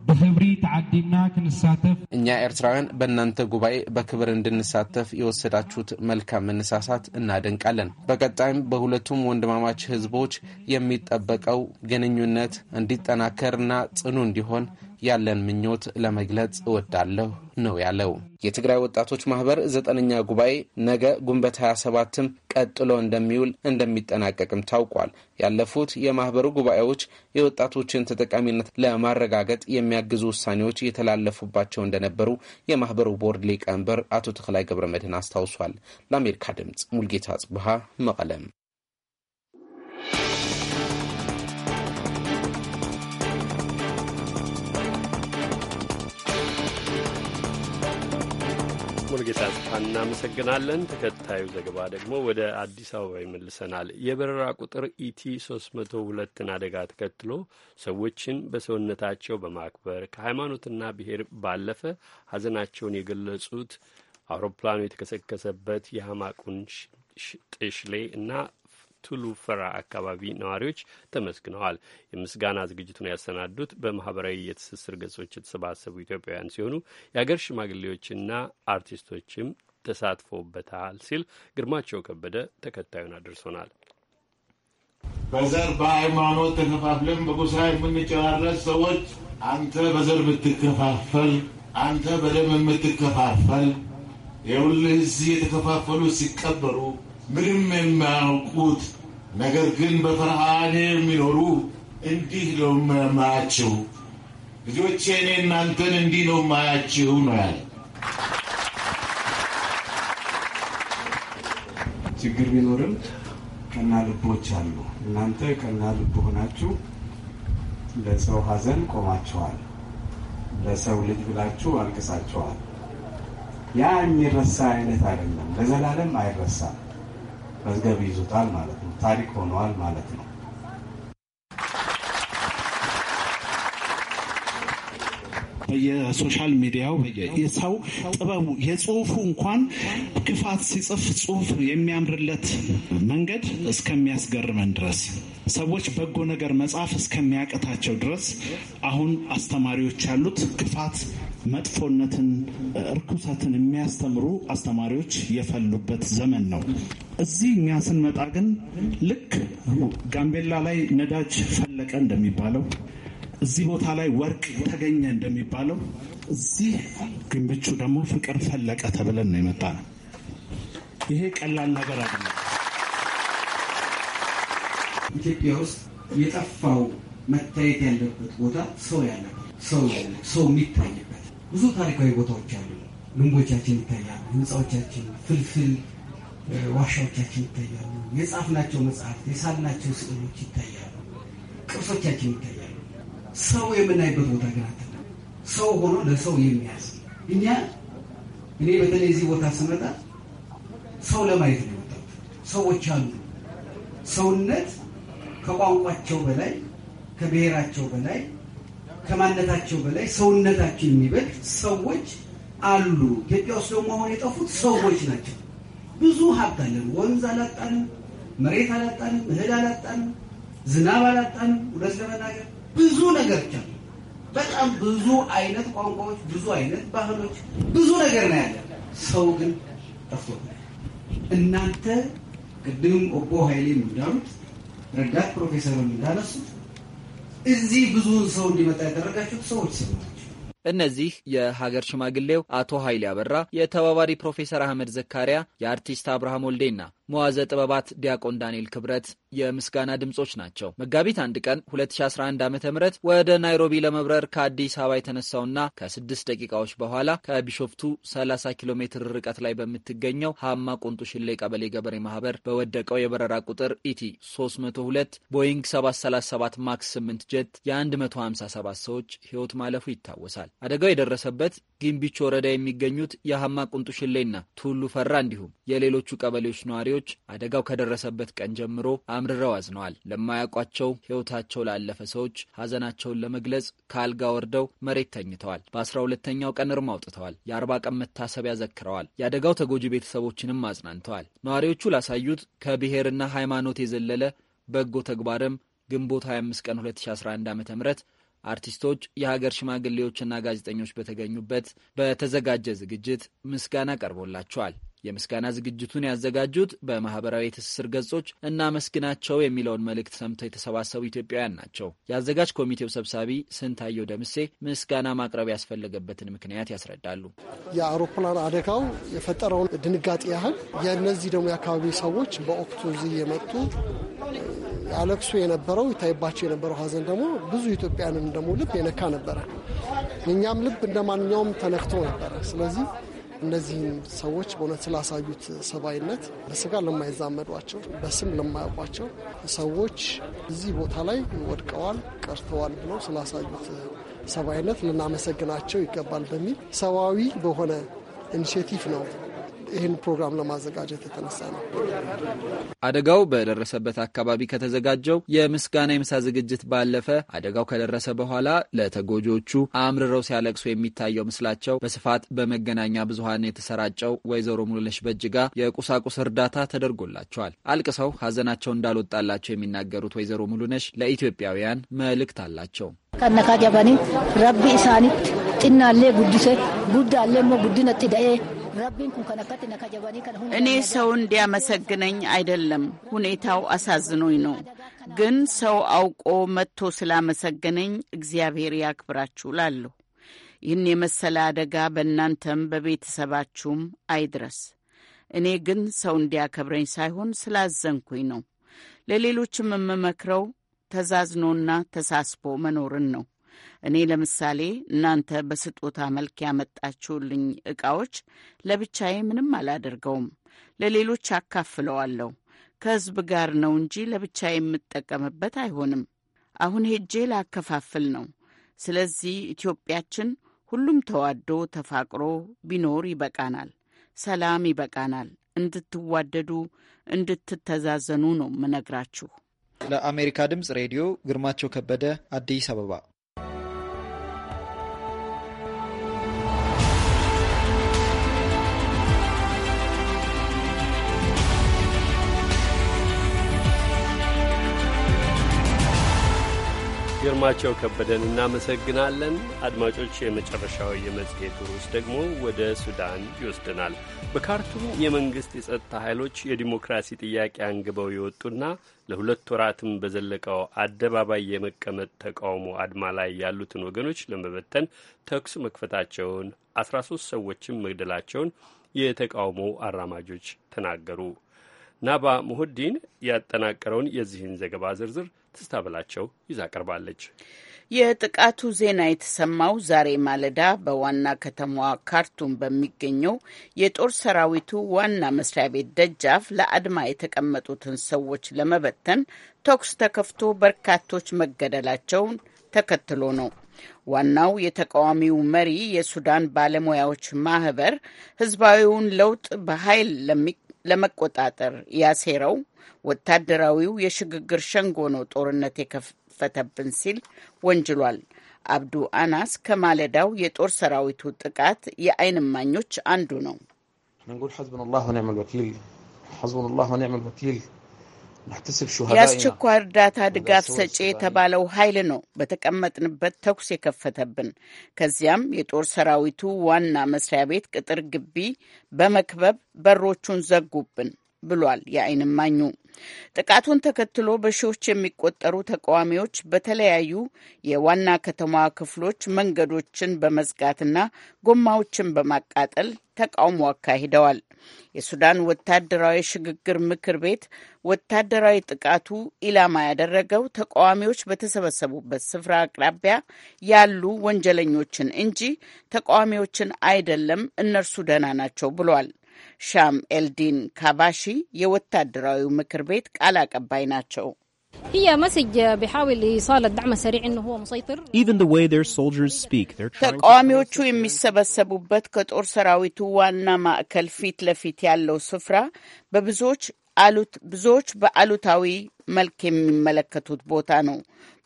ብሕብሪ ተዓዲና ክንሳተፍ እኛ ኤርትራውያን በእናንተ ጉባኤ በክብር እንድንሳተፍ የወሰዳችሁት መልካም መነሳሳት እናደንቃለን። በቀጣይም በሁለቱም ወንድማማች ህዝቦች የሚጠበቀው ግንኙነት እንዲጠናከርና ጽኑ እንዲሆን ያለን ምኞት ለመግለጽ እወዳለሁ ነው ያለው። የትግራይ ወጣቶች ማህበር ዘጠነኛ ጉባኤ ነገ ግንቦት 27ም ቀጥሎ እንደሚውል እንደሚጠናቀቅም ታውቋል። ያለፉት የማህበሩ ጉባኤዎች የወጣቶችን ተጠቃሚነት ለማረጋገጥ የሚያግዙ ውሳኔዎች የተላለፉባቸው እንደነበሩ የማህበሩ ቦርድ ሊቀመንበር አቶ ተክላይ ገብረ መድን አስታውሷል። ለአሜሪካ ድምጽ ሙልጌታ ጽብሃ መቀለም ሙልጌታ ጽፋን እናመሰግናለን። ተከታዩ ዘገባ ደግሞ ወደ አዲስ አበባ ይመልሰናል። የበረራ ቁጥር ኢቲ 302ን አደጋ ተከትሎ ሰዎችን በሰውነታቸው በማክበር ከሃይማኖትና ብሔር ባለፈ ሀዘናቸውን የገለጹት አውሮፕላኑ የተከሰከሰበት የሐማቁን ጥሽሌ እና ቱሉ ፈራ አካባቢ ነዋሪዎች ተመስግነዋል። የምስጋና ዝግጅቱን ያሰናዱት በማህበራዊ የትስስር ገጾች የተሰባሰቡ ኢትዮጵያውያን ሲሆኑ የአገር ሽማግሌዎችና አርቲስቶችም ተሳትፎበታል ሲል ግርማቸው ከበደ ተከታዩን አድርሶናል። በዘር በሃይማኖት ተከፋፍለን በጎሳ የምንጨራረስ ሰዎች አንተ በዘር የምትከፋፈል አንተ በደም የምትከፋፈል የሁሉ እዚህ የተከፋፈሉ ሲቀበሩ ምንም የማያውቁት ነገር ግን በብርሃን የሚኖሩ እንዲህ ነው የማያችሁ ልጆቼ፣ እኔ እናንተን እንዲህ ነው የማያችሁ ነው ያለ። ችግር ቢኖርም ቀና ልቦች አሉ። እናንተ ቀና ልብ ሆናችሁ ለሰው ሀዘን ቆማችኋል። ለሰው ልጅ ብላችሁ አልቅሳችኋል። ያ የሚረሳ አይነት አይደለም፣ ለዘላለም አይረሳም። መዝገብ ይዙታል ማለት ነው። ታሪክ ሆነዋል ማለት ነው። በየሶሻል ሚዲያው የሰው ጥበቡ የጽሁፉ እንኳን ክፋት ሲጽፍ ጽሁፍ የሚያምርለት መንገድ እስከሚያስገርመን ድረስ ሰዎች በጎ ነገር መጻፍ እስከሚያቅታቸው ድረስ አሁን አስተማሪዎች ያሉት ክፋት መጥፎነትን፣ እርኩሰትን የሚያስተምሩ አስተማሪዎች የፈሉበት ዘመን ነው። እዚህ እኛ ስንመጣ ግን ልክ ጋምቤላ ላይ ነዳጅ ፈለቀ እንደሚባለው እዚህ ቦታ ላይ ወርቅ ተገኘ እንደሚባለው እዚህ ግንብቹ ደግሞ ፍቅር ፈለቀ ተብለን ነው የመጣ ነው። ይሄ ቀላል ነገር አይደለም። ኢትዮጵያ ውስጥ የጠፋው መታየት ያለበት ቦታ ሰው ያለ ሰው የሚታየው ብዙ ታሪካዊ ቦታዎች አሉ። ልንጎቻችን ይታያሉ፣ ህንፃዎቻችን፣ ፍልፍል ዋሻዎቻችን ይታያሉ። የጻፍናቸው መጽሐፍት፣ የሳልናቸው ስዕሎች ይታያሉ፣ ቅርሶቻችን ይታያሉ። ሰው የምናይበት ቦታ ግን አተ ሰው ሆኖ ለሰው የሚያዝ እኛ እኔ በተለይ እዚህ ቦታ ስመጣ ሰው ለማየት ነው የመጣሁት። ሰዎች አሉ። ሰውነት ከቋንቋቸው በላይ ከብሔራቸው በላይ ከማነታቸው በላይ ሰውነታቸው የሚበልጥ ሰዎች አሉ። ኢትዮጵያ ውስጥ ደግሞ አሁን የጠፉት ሰዎች ናቸው። ብዙ ሀብት አለን። ወንዝ አላጣንም፣ መሬት አላጣንም፣ እህል አላጣንም፣ ዝናብ አላጣንም። እውነት ለመናገር ብዙ ነገሮች አሉ። በጣም ብዙ አይነት ቋንቋዎች፣ ብዙ አይነት ባህሎች፣ ብዙ ነገር ነው ያለ። ሰው ግን ጠፍቶታል። እናንተ ቅድም ኦቦ ኃይሌ እንዳሉት ረዳት ፕሮፌሰሩን እንዳነሱት እዚህ ብዙውን ሰው እንዲመጣ ያደረጋችሁት ሰዎች ናቸው። እነዚህ የሀገር ሽማግሌው አቶ ኃይል ያበራ የተባባሪ ፕሮፌሰር አህመድ ዘካሪያ፣ የአርቲስት አብርሃም ወልዴና መዋዘ ጥበባት ዲያቆን ዳንኤል ክብረት የምስጋና ድምጾች ናቸው። መጋቢት አንድ ቀን 2011 ዓ ም ወደ ናይሮቢ ለመብረር ከአዲስ አበባ የተነሳውና ከስድስት ደቂቃዎች በኋላ ከቢሾፍቱ 30 ኪሎ ሜትር ርቀት ላይ በምትገኘው ሀማ ቁንጡ ሽሌ ቀበሌ ገበሬ ማህበር በወደቀው የበረራ ቁጥር ኢቲ 302 ቦይንግ 737 ማክስ 8 ጀት የ157 ሰዎች ህይወት ማለፉ ይታወሳል። አደጋው የደረሰበት ግንቢች ወረዳ የሚገኙት የሀማ ቁንጡ ሽሌና ቱሉ ፈራ እንዲሁም የሌሎቹ ቀበሌዎች ነዋሪዎች ወላጆች አደጋው ከደረሰበት ቀን ጀምሮ አምርረው አዝነዋል። ለማያውቋቸው ሕይወታቸው ላለፈ ሰዎች ሀዘናቸውን ለመግለጽ ከአልጋ ወርደው መሬት ተኝተዋል። በአስራ ሁለተኛው ቀን እርም አውጥተዋል። የአርባ ቀን መታሰቢያ ዘክረዋል። የአደጋው ተጎጂ ቤተሰቦችንም አጽናንተዋል። ነዋሪዎቹ ላሳዩት ከብሔርና ሃይማኖት የዘለለ በጎ ተግባርም ግንቦት 25 ቀን 2011 ዓ ም አርቲስቶች፣ የሀገር ሽማግሌዎችና ጋዜጠኞች በተገኙበት በተዘጋጀ ዝግጅት ምስጋና ቀርቦላቸዋል። የምስጋና ዝግጅቱን ያዘጋጁት በማህበራዊ የትስስር ገጾች እናመስግናቸው የሚለውን መልእክት ሰምተው የተሰባሰቡ ኢትዮጵያውያን ናቸው። የአዘጋጅ ኮሚቴው ሰብሳቢ ስንታየው ደምሴ ምስጋና ማቅረብ ያስፈለገበትን ምክንያት ያስረዳሉ። የአውሮፕላን አደጋው የፈጠረውን ድንጋጤ ያህል የእነዚህ ደግሞ የአካባቢ ሰዎች በወቅቱ እዚህ የመጡ ያለቅሱ የነበረው ይታይባቸው የነበረው ሀዘን ደግሞ ብዙ ኢትዮጵያንን ደግሞ ልብ የነካ ነበረ። እኛም ልብ እንደ ማንኛውም ተነክቶ ነበረ። ስለዚህ እነዚህም ሰዎች በእውነት ስላሳዩት ሰብአዊነት በስጋ ለማይዛመዷቸው በስም ለማያውቋቸው ሰዎች እዚህ ቦታ ላይ ወድቀዋል፣ ቀርተዋል ብለው ስላሳዩት ሰብአዊነት ልናመሰግናቸው ይገባል በሚል ሰብአዊ በሆነ ኢኒሽቲቭ ነው ይህን ፕሮግራም ለማዘጋጀት የተነሳ ነው። አደጋው በደረሰበት አካባቢ ከተዘጋጀው የምስጋና የምሳ ዝግጅት ባለፈ አደጋው ከደረሰ በኋላ ለተጎጂዎቹ አምርረው ሲያለቅሱ የሚታየው ምስላቸው በስፋት በመገናኛ ብዙኃን የተሰራጨው ወይዘሮ ሙሉነሽ በእጅጋ የቁሳቁስ እርዳታ ተደርጎላቸዋል። አልቅሰው ሀዘናቸው እንዳልወጣላቸው የሚናገሩት ወይዘሮ ሙሉነሽ ለኢትዮጵያውያን መልእክት አላቸው። ከነካ ጀባኒ ረቢ ኢሳኒት ጥናሌ ጉድሴ ጉዳሌ ሞ ጉድነ ጥዳኤ እኔ ሰው እንዲያመሰግነኝ አይደለም፣ ሁኔታው አሳዝኖኝ ነው። ግን ሰው አውቆ መጥቶ ስላመሰገነኝ እግዚአብሔር ያክብራችሁ ላለሁ። ይህን የመሰለ አደጋ በእናንተም በቤተሰባችሁም አይድረስ። እኔ ግን ሰው እንዲያከብረኝ ሳይሆን ስላዘንኩኝ ነው። ለሌሎችም የምመክረው ተዛዝኖና ተሳስቦ መኖርን ነው። እኔ ለምሳሌ እናንተ በስጦታ መልክ ያመጣችሁልኝ ዕቃዎች ለብቻዬ ምንም አላደርገውም፣ ለሌሎች አካፍለዋለሁ። ከህዝብ ጋር ነው እንጂ ለብቻዬ የምጠቀምበት አይሆንም። አሁን ሄጄ ላከፋፍል ነው። ስለዚህ ኢትዮጵያችን ሁሉም ተዋዶ ተፋቅሮ ቢኖር ይበቃናል። ሰላም ይበቃናል። እንድትዋደዱ እንድትተዛዘኑ ነው ምነግራችሁ። ለአሜሪካ ድምፅ ሬዲዮ ግርማቸው ከበደ አዲስ አበባ ግርማቸው ከበደን እናመሰግናለን። አድማጮች፣ የመጨረሻው የመጽሔቱ ርዕስ ደግሞ ወደ ሱዳን ይወስደናል። በካርቱም የመንግሥት የጸጥታ ኃይሎች የዲሞክራሲ ጥያቄ አንግበው የወጡና ለሁለት ወራትም በዘለቀው አደባባይ የመቀመጥ ተቃውሞ አድማ ላይ ያሉትን ወገኖች ለመበተን ተኩስ መክፈታቸውን፣ አስራ ሶስት ሰዎችም መግደላቸውን የተቃውሞ አራማጆች ተናገሩ። ናባ ሙሁዲን ያጠናቀረውን የዚህን ዘገባ ዝርዝር ትስታ ብላቸው ይዛ ቀርባለች። የጥቃቱ ዜና የተሰማው ዛሬ ማለዳ በዋና ከተማዋ ካርቱም በሚገኘው የጦር ሰራዊቱ ዋና መስሪያ ቤት ደጃፍ ለአድማ የተቀመጡትን ሰዎች ለመበተን ተኩስ ተከፍቶ በርካቶች መገደላቸውን ተከትሎ ነው። ዋናው የተቃዋሚው መሪ የሱዳን ባለሙያዎች ማህበር ህዝባዊውን ለውጥ በኃይል ለሚ ለመቆጣጠር ያሴረው ወታደራዊው የሽግግር ሸንጎ ነው ጦርነት የከፈተብን ሲል ወንጅሏል። አብዱ አናስ ከማለዳው የጦር ሰራዊቱ ጥቃት የአይን እማኞች አንዱ ነው። የአስቸኳይ እርዳታ ድጋፍ ሰጪ የተባለው ኃይል ነው በተቀመጥንበት ተኩስ የከፈተብን። ከዚያም የጦር ሰራዊቱ ዋና መስሪያ ቤት ቅጥር ግቢ በመክበብ በሮቹን ዘጉብን። ብሏል የዓይን እማኙ። ጥቃቱን ተከትሎ በሺዎች የሚቆጠሩ ተቃዋሚዎች በተለያዩ የዋና ከተማዋ ክፍሎች መንገዶችን በመዝጋትና ጎማዎችን በማቃጠል ተቃውሞ አካሂደዋል። የሱዳን ወታደራዊ ሽግግር ምክር ቤት ወታደራዊ ጥቃቱ ኢላማ ያደረገው ተቃዋሚዎች በተሰበሰቡበት ስፍራ አቅራቢያ ያሉ ወንጀለኞችን እንጂ ተቃዋሚዎችን አይደለም፣ እነርሱ ደህና ናቸው ብሏል። ሻም ኤልዲን ካባሺ የወታደራዊ ምክር ቤት ቃል አቀባይ ናቸው። uh, ተቃዋሚዎቹ የሚሰበሰቡበት ከጦር ሰራዊቱ ዋና ማዕከል ፊት ለፊት ያለው ስፍራ በብዙዎች ብዙዎች በአሉታዊ መልክ የሚመለከቱት ቦታ ነው።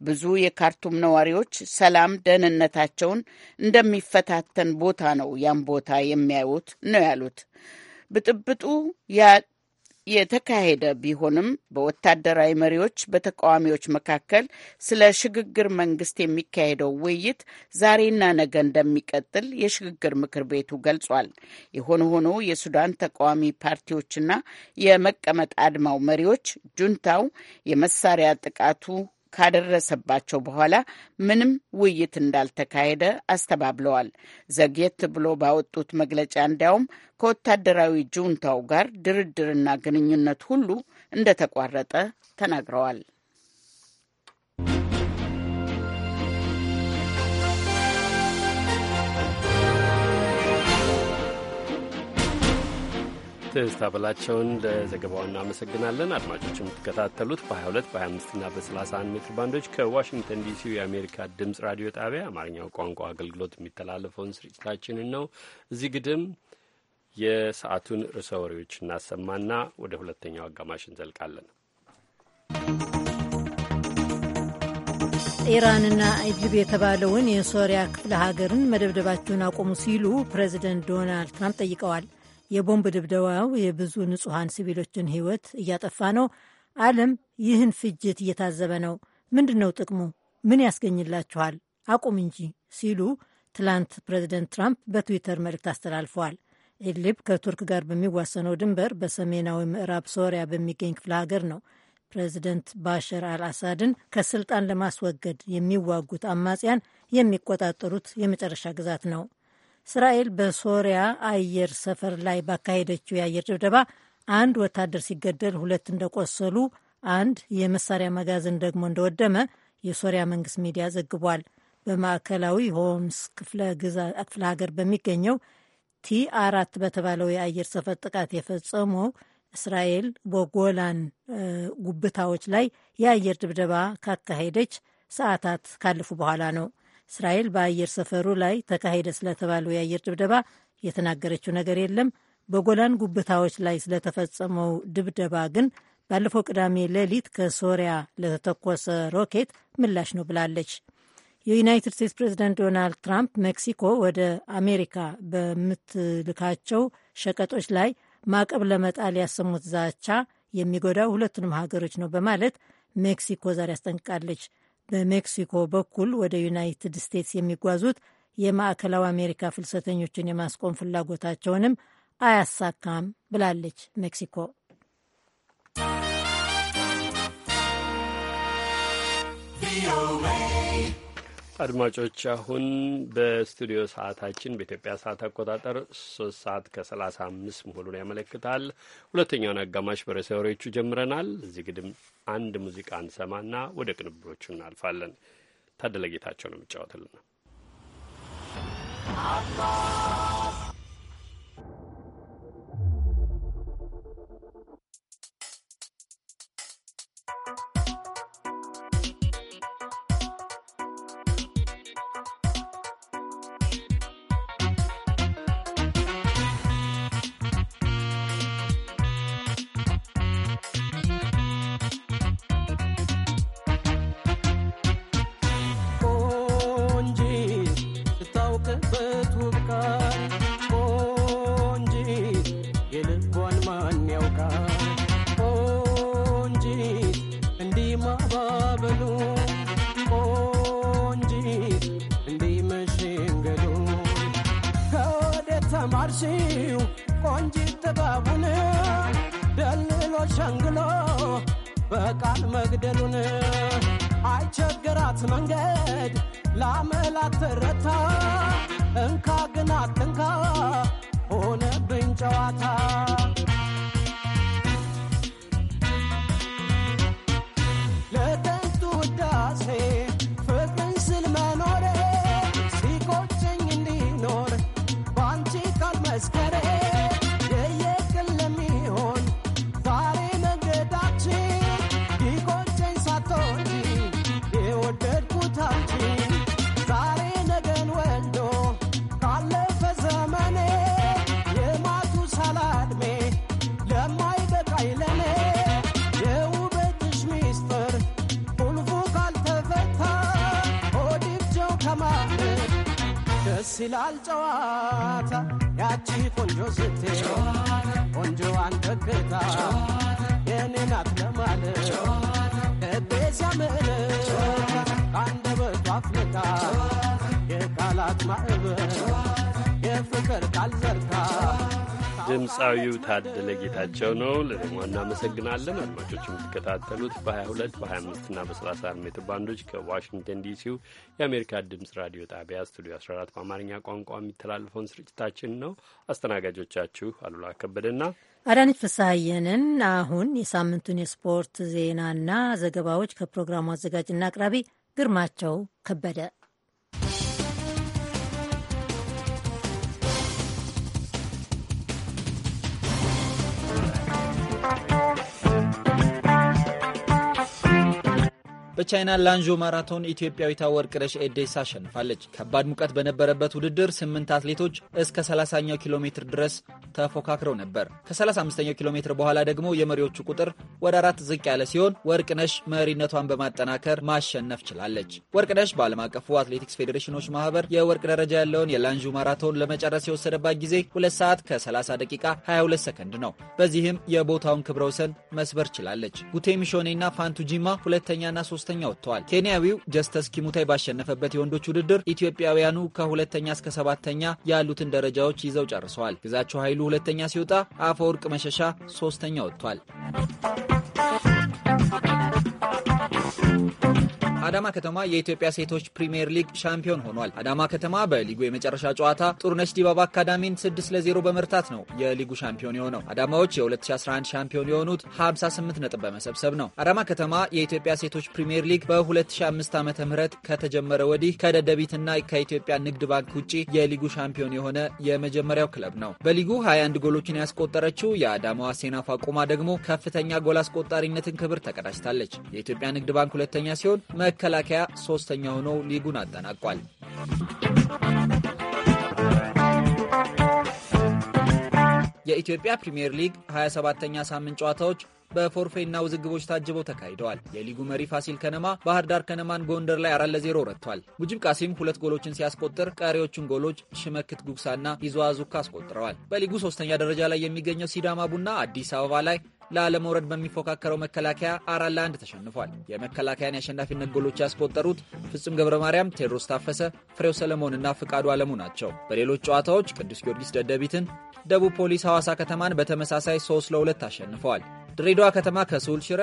ብዙ የካርቱም ነዋሪዎች ሰላም ደህንነታቸውን እንደሚፈታተን ቦታ ነው ያም ቦታ የሚያዩት ነው ያሉት። ብጥብጡ የተካሄደ ቢሆንም በወታደራዊ መሪዎች በተቃዋሚዎች መካከል ስለ ሽግግር መንግስት የሚካሄደው ውይይት ዛሬና ነገ እንደሚቀጥል የሽግግር ምክር ቤቱ ገልጿል። የሆነ ሆኖ የሱዳን ተቃዋሚ ፓርቲዎችና የመቀመጥ አድማው መሪዎች ጁንታው የመሳሪያ ጥቃቱ ካደረሰባቸው በኋላ ምንም ውይይት እንዳልተካሄደ አስተባብለዋል። ዘግየት ብሎ ባወጡት መግለጫ እንዲያውም ከወታደራዊ ጁንታው ጋር ድርድርና ግንኙነት ሁሉ እንደተቋረጠ ተናግረዋል። ትዝታ በላቸውን ለዘገባው እናመሰግናለን። አድማጮች የምትከታተሉት በ22 በ25ና በ31 ሜትር ባንዶች ከዋሽንግተን ዲሲ የአሜሪካ ድምፅ ራዲዮ ጣቢያ አማርኛው ቋንቋ አገልግሎት የሚተላለፈውን ስርጭታችንን ነው። እዚህ ግድም የሰዓቱን ርዕሰ ወሬዎች እናሰማና ወደ ሁለተኛው አጋማሽ እንዘልቃለን። ኢራንና ኢድሊብ የተባለውን የሶሪያ ክፍለ ሀገርን መደብደባችሁን አቁሙ ሲሉ ፕሬዚደንት ዶናልድ ትራምፕ ጠይቀዋል። የቦምብ ድብደባው የብዙ ንጹሐን ሲቪሎችን ሕይወት እያጠፋ ነው። ዓለም ይህን ፍጅት እየታዘበ ነው። ምንድን ነው ጥቅሙ? ምን ያስገኝላችኋል? አቁም እንጂ ሲሉ ትላንት ፕሬዚደንት ትራምፕ በትዊተር መልእክት አስተላልፈዋል። ኢድሊብ ከቱርክ ጋር በሚዋሰነው ድንበር በሰሜናዊ ምዕራብ ሶሪያ በሚገኝ ክፍለ ሀገር ነው ፕሬዚደንት ባሻር አልአሳድን ከስልጣን ለማስወገድ የሚዋጉት አማጽያን የሚቆጣጠሩት የመጨረሻ ግዛት ነው። እስራኤል በሶሪያ አየር ሰፈር ላይ ባካሄደችው የአየር ድብደባ አንድ ወታደር ሲገደል ሁለት እንደቆሰሉ፣ አንድ የመሳሪያ መጋዘን ደግሞ እንደወደመ የሶሪያ መንግስት ሚዲያ ዘግቧል። በማዕከላዊ ሆምስ ክፍለ ሀገር በሚገኘው ቲ አራት በተባለው የአየር ሰፈር ጥቃት የፈጸመው እስራኤል በጎላን ጉብታዎች ላይ የአየር ድብደባ ካካሄደች ሰዓታት ካለፉ በኋላ ነው። እስራኤል በአየር ሰፈሩ ላይ ተካሄደ ስለተባለው የአየር ድብደባ የተናገረችው ነገር የለም። በጎላን ጉብታዎች ላይ ስለተፈጸመው ድብደባ ግን ባለፈው ቅዳሜ ሌሊት ከሶሪያ ለተተኮሰ ሮኬት ምላሽ ነው ብላለች። የዩናይትድ ስቴትስ ፕሬዚደንት ዶናልድ ትራምፕ ሜክሲኮ ወደ አሜሪካ በምትልካቸው ሸቀጦች ላይ ማዕቀብ ለመጣል ያሰሙት ዛቻ የሚጎዳው ሁለቱንም ሀገሮች ነው በማለት ሜክሲኮ ዛሬ አስጠንቅቃለች። በሜክሲኮ በኩል ወደ ዩናይትድ ስቴትስ የሚጓዙት የማዕከላዊ አሜሪካ ፍልሰተኞችን የማስቆም ፍላጎታቸውንም አያሳካም ብላለች ሜክሲኮ። ቪኦኤ አድማጮች አሁን በስቱዲዮ ሰዓታችን በኢትዮጵያ ሰዓት አቆጣጠር ሶስት ሰዓት ከሰላሳ አምስት መሆኑን ያመለክታል። ሁለተኛውን አጋማሽ በርዕሰ ጀምረናል። እዚህ ግድም አንድ ሙዚቃ እንሰማና ወደ ቅንብሮቹ እናልፋለን። ታደለጌታቸው ነው የሚጫወትልን። የቃላት ማዕበል የፍቅር ቃል ዘርታ ድምፃዊው ታደለ ጌታቸው ነው። ለደግሞ እናመሰግናለን። አድማጮች የምትከታተሉት በ22 25 እና በ31 ሜትር ባንዶች ከዋሽንግተን ዲሲው የአሜሪካ ድምፅ ራዲዮ ጣቢያ ስቱዲዮ 14 በአማርኛ ቋንቋ የሚተላለፈውን ስርጭታችን ነው። አስተናጋጆቻችሁ አሉላ ከበደና አዳነች ፍስሐየንን። አሁን የሳምንቱን የስፖርት ዜናና ዘገባዎች ከፕሮግራሙ አዘጋጅና አቅራቢ ግርማቸው ከበደ በቻይና ላንዦ ማራቶን ኢትዮጵያዊቷ ወርቅነሽ ኤዴሳ አሸንፋለች። ከባድ ሙቀት በነበረበት ውድድር ስምንት አትሌቶች እስከ 30ኛው ኪሎ ሜትር ድረስ ተፎካክረው ነበር። ከ35ኛው ኪሎ ሜትር በኋላ ደግሞ የመሪዎቹ ቁጥር ወደ አራት ዝቅ ያለ ሲሆን ወርቅነሽ መሪነቷን በማጠናከር ማሸነፍ ችላለች። ወርቅነሽ በዓለም አቀፉ አትሌቲክስ ፌዴሬሽኖች ማህበር የወርቅ ደረጃ ያለውን የላንዡ ማራቶን ለመጨረስ የወሰደባት ጊዜ 2 ሰዓት ከ30 ደቂቃ 22 ሰከንድ ነው። በዚህም የቦታውን ክብረ ወሰን መስበር ችላለች። ጉቴ ሚሾኔና ፋንቱ ጂማ ሁለተኛና ሶስት ሶስተኛ ወጥተዋል። ኬንያዊው ጀስተስ ኪሙታይ ባሸነፈበት የወንዶች ውድድር ኢትዮጵያውያኑ ከሁለተኛ እስከ ሰባተኛ ያሉትን ደረጃዎች ይዘው ጨርሰዋል። ግዛቸው ኃይሉ ሁለተኛ ሲወጣ፣ አፈወርቅ መሸሻ ሶስተኛ ወጥቷል። አዳማ ከተማ የኢትዮጵያ ሴቶች ፕሪምየር ሊግ ሻምፒዮን ሆኗል። አዳማ ከተማ በሊጉ የመጨረሻ ጨዋታ ጥሩነሽ ዲባባ አካዳሚን 6 ለ0 በመርታት ነው የሊጉ ሻምፒዮን የሆነው። አዳማዎች የ2011 ሻምፒዮን የሆኑት 58 ነጥብ በመሰብሰብ ነው። አዳማ ከተማ የኢትዮጵያ ሴቶች ፕሪምየር ሊግ በ2005 ዓ ም ከተጀመረ ወዲህ ከደደቢትና ከኢትዮጵያ ንግድ ባንክ ውጭ የሊጉ ሻምፒዮን የሆነ የመጀመሪያው ክለብ ነው። በሊጉ 21 ጎሎችን ያስቆጠረችው የአዳማዋ ሴናፋ ቁማ ደግሞ ከፍተኛ ጎል አስቆጣሪነትን ክብር ተቀዳጅታለች። የኢትዮጵያ ንግድ ባንክ ሁለተኛ ሲሆን መከላከያ ሦስተኛ ሆኖ ሊጉን አጠናቋል። የኢትዮጵያ ፕሪምየር ሊግ 27 ተኛ ሳምንት ጨዋታዎች በፎርፌና ውዝግቦች ታጅበው ተካሂደዋል። የሊጉ መሪ ፋሲል ከነማ ባህር ዳር ከነማን ጎንደር ላይ አራት ለዜሮ ረጥቷል። ሙጅብ ቃሲም ሁለት ጎሎችን ሲያስቆጥር ቀሪዎቹን ጎሎች ሽመክት ጉግሳና ይዘዋ ዙካ አስቆጥረዋል። በሊጉ ሶስተኛ ደረጃ ላይ የሚገኘው ሲዳማ ቡና አዲስ አበባ ላይ ላለመውረድ በሚፎካከረው መከላከያ አራት ለአንድ ተሸንፏል። የመከላከያን የአሸናፊነት ጎሎች ያስቆጠሩት ፍጹም ገብረ ማርያም፣ ቴድሮስ ታፈሰ፣ ፍሬው ሰለሞንና ፍቃዱ አለሙ ናቸው። በሌሎች ጨዋታዎች ቅዱስ ጊዮርጊስ ደደቢትን፣ ደቡብ ፖሊስ ሐዋሳ ከተማን በተመሳሳይ 3 ለሁለት አሸንፈዋል። ድሬዳዋ ከተማ ከስሁል ሽረ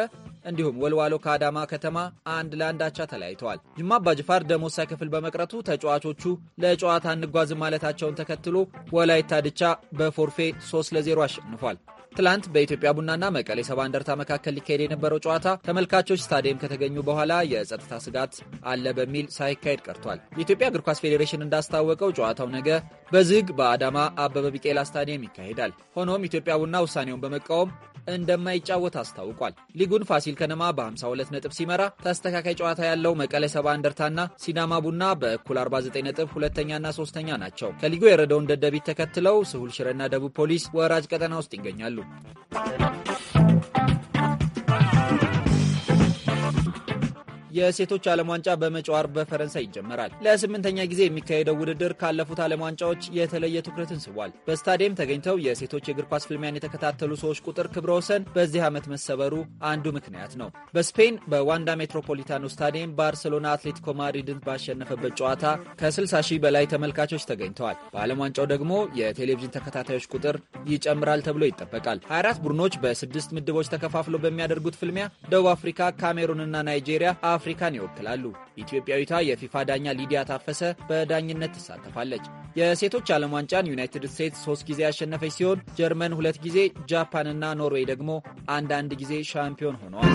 እንዲሁም ወልዋሎ ከአዳማ ከተማ አንድ ለአንድ አቻ ተለያይተዋል። ጅማ አባጅፋር ደሞዝ ሳይከፍል በመቅረቱ ተጫዋቾቹ ለጨዋታ አንጓዝ ማለታቸውን ተከትሎ ወላይታ ድቻ በፎርፌ 3 ለ0 አሸንፏል። ትላንት በኢትዮጵያ ቡናና መቀሌ ሰባ እንደርታ መካከል ሊካሄድ የነበረው ጨዋታ ተመልካቾች ስታዲየም ከተገኙ በኋላ የጸጥታ ስጋት አለ በሚል ሳይካሄድ ቀርቷል። የኢትዮጵያ እግር ኳስ ፌዴሬሽን እንዳስታወቀው ጨዋታው ነገ በዝግ በአዳማ አበበ ቢቄላ ስታዲየም ይካሄዳል። ሆኖም ኢትዮጵያ ቡና ውሳኔውን በመቃወም እንደማይጫወት አስታውቋል። ሊጉን ፋሲል ከነማ በ52 ነጥብ ሲመራ ተስተካካይ ጨዋታ ያለው መቀለ ሰባ እንደርታና ሲዳማ ቡና በእኩል 49 ነጥብ ሁለተኛና ሶስተኛ ናቸው። ከሊጉ የረደውን ደደቢት ተከትለው ስሁል ሽረና ደቡብ ፖሊስ ወራጅ ቀጠና ውስጥ ይገኛሉ። የሴቶች ዓለም ዋንጫ በመጪው በፈረንሳይ ይጀመራል። ለስምንተኛ ጊዜ የሚካሄደው ውድድር ካለፉት ዓለም ዋንጫዎች የተለየ ትኩረትን ስቧል። በስታዲየም ተገኝተው የሴቶች የእግር ኳስ ፍልሚያን የተከታተሉ ሰዎች ቁጥር ክብረ ወሰን በዚህ ዓመት መሰበሩ አንዱ ምክንያት ነው። በስፔን በዋንዳ ሜትሮፖሊታኖ ስታዲየም ባርሴሎና አትሌቲኮ ማድሪድን ባሸነፈበት ጨዋታ ከ60 ሺህ በላይ ተመልካቾች ተገኝተዋል። በዓለም ዋንጫው ደግሞ የቴሌቪዥን ተከታታዮች ቁጥር ይጨምራል ተብሎ ይጠበቃል። 24 ቡድኖች በስድስት ምድቦች ተከፋፍለው በሚያደርጉት ፍልሚያ ደቡብ አፍሪካ፣ ካሜሩንና ናይጄሪያ አፍሪካን ይወክላሉ። ኢትዮጵያዊቷ የፊፋ ዳኛ ሊዲያ ታፈሰ በዳኝነት ትሳተፋለች። የሴቶች ዓለም ዋንጫን ዩናይትድ ስቴትስ ሶስት ጊዜ ያሸነፈች ሲሆን ጀርመን ሁለት ጊዜ፣ ጃፓንና ኖርዌይ ደግሞ አንዳንድ ጊዜ ሻምፒዮን ሆነዋል።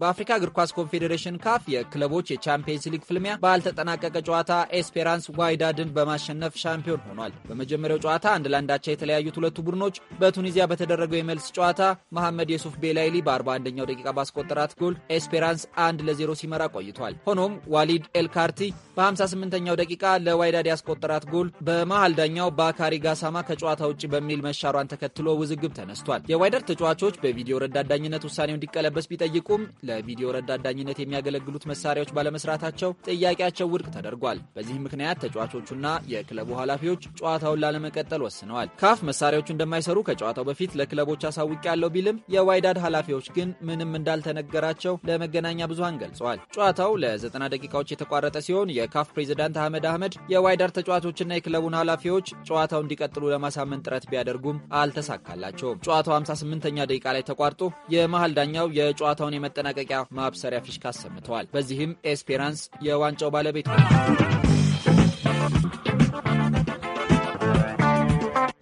በአፍሪካ እግር ኳስ ኮንፌዴሬሽን ካፍ የክለቦች የቻምፒየንስ ሊግ ፍልሚያ ባልተጠናቀቀ ጨዋታ ኤስፔራንስ ዋይዳድን በማሸነፍ ሻምፒዮን ሆኗል። በመጀመሪያው ጨዋታ አንድ ለአንዳቻ የተለያዩት ሁለቱ ቡድኖች በቱኒዚያ በተደረገው የመልስ ጨዋታ መሐመድ የሱፍ ቤላይሊ በ41ኛው ደቂቃ ባስቆጠራት ጎል ኤስፔራንስ 1 ለ0 ሲመራ ቆይቷል። ሆኖም ዋሊድ ኤልካርቲ በ58ኛው ደቂቃ ለዋይዳድ ያስቆጠራት ጎል በመሃል ዳኛው በአካሪ ጋሳማ ከጨዋታ ውጭ በሚል መሻሯን ተከትሎ ውዝግብ ተነስቷል። የዋይዳድ ተጫዋቾች በቪዲዮ ረዳት ዳኝነት ውሳኔው እንዲቀለበስ ቢጠይቁም ለቪዲዮ ረዳት ዳኝነት የሚያገለግሉት መሳሪያዎች ባለመስራታቸው ጥያቄያቸው ውድቅ ተደርጓል። በዚህ ምክንያት ተጫዋቾቹና የክለቡ ኃላፊዎች ጨዋታውን ላለመቀጠል ወስነዋል። ካፍ መሳሪያዎቹ እንደማይሰሩ ከጨዋታው በፊት ለክለቦች አሳውቅ ያለው ቢልም የዋይዳድ ኃላፊዎች ግን ምንም እንዳልተነገራቸው ለመገናኛ ብዙሃን ገልጸዋል። ጨዋታው ለዘጠና ደቂቃዎች የተቋረጠ ሲሆን የካፍ ፕሬዚዳንት አህመድ አህመድ የዋይዳድ ተጫዋቾችና የክለቡን ኃላፊዎች ጨዋታው እንዲቀጥሉ ለማሳመን ጥረት ቢያደርጉም አልተሳካላቸውም። ጨዋታው 58ኛ ደቂቃ ላይ ተቋርጦ የመሀል ዳኛው የጨዋታውን የመጠናቀ ማጠናቀቂያ ማብሰሪያ ፊሽካ አሰምተዋል። በዚህም ኤስፔራንስ የዋንጫው ባለቤት ነው።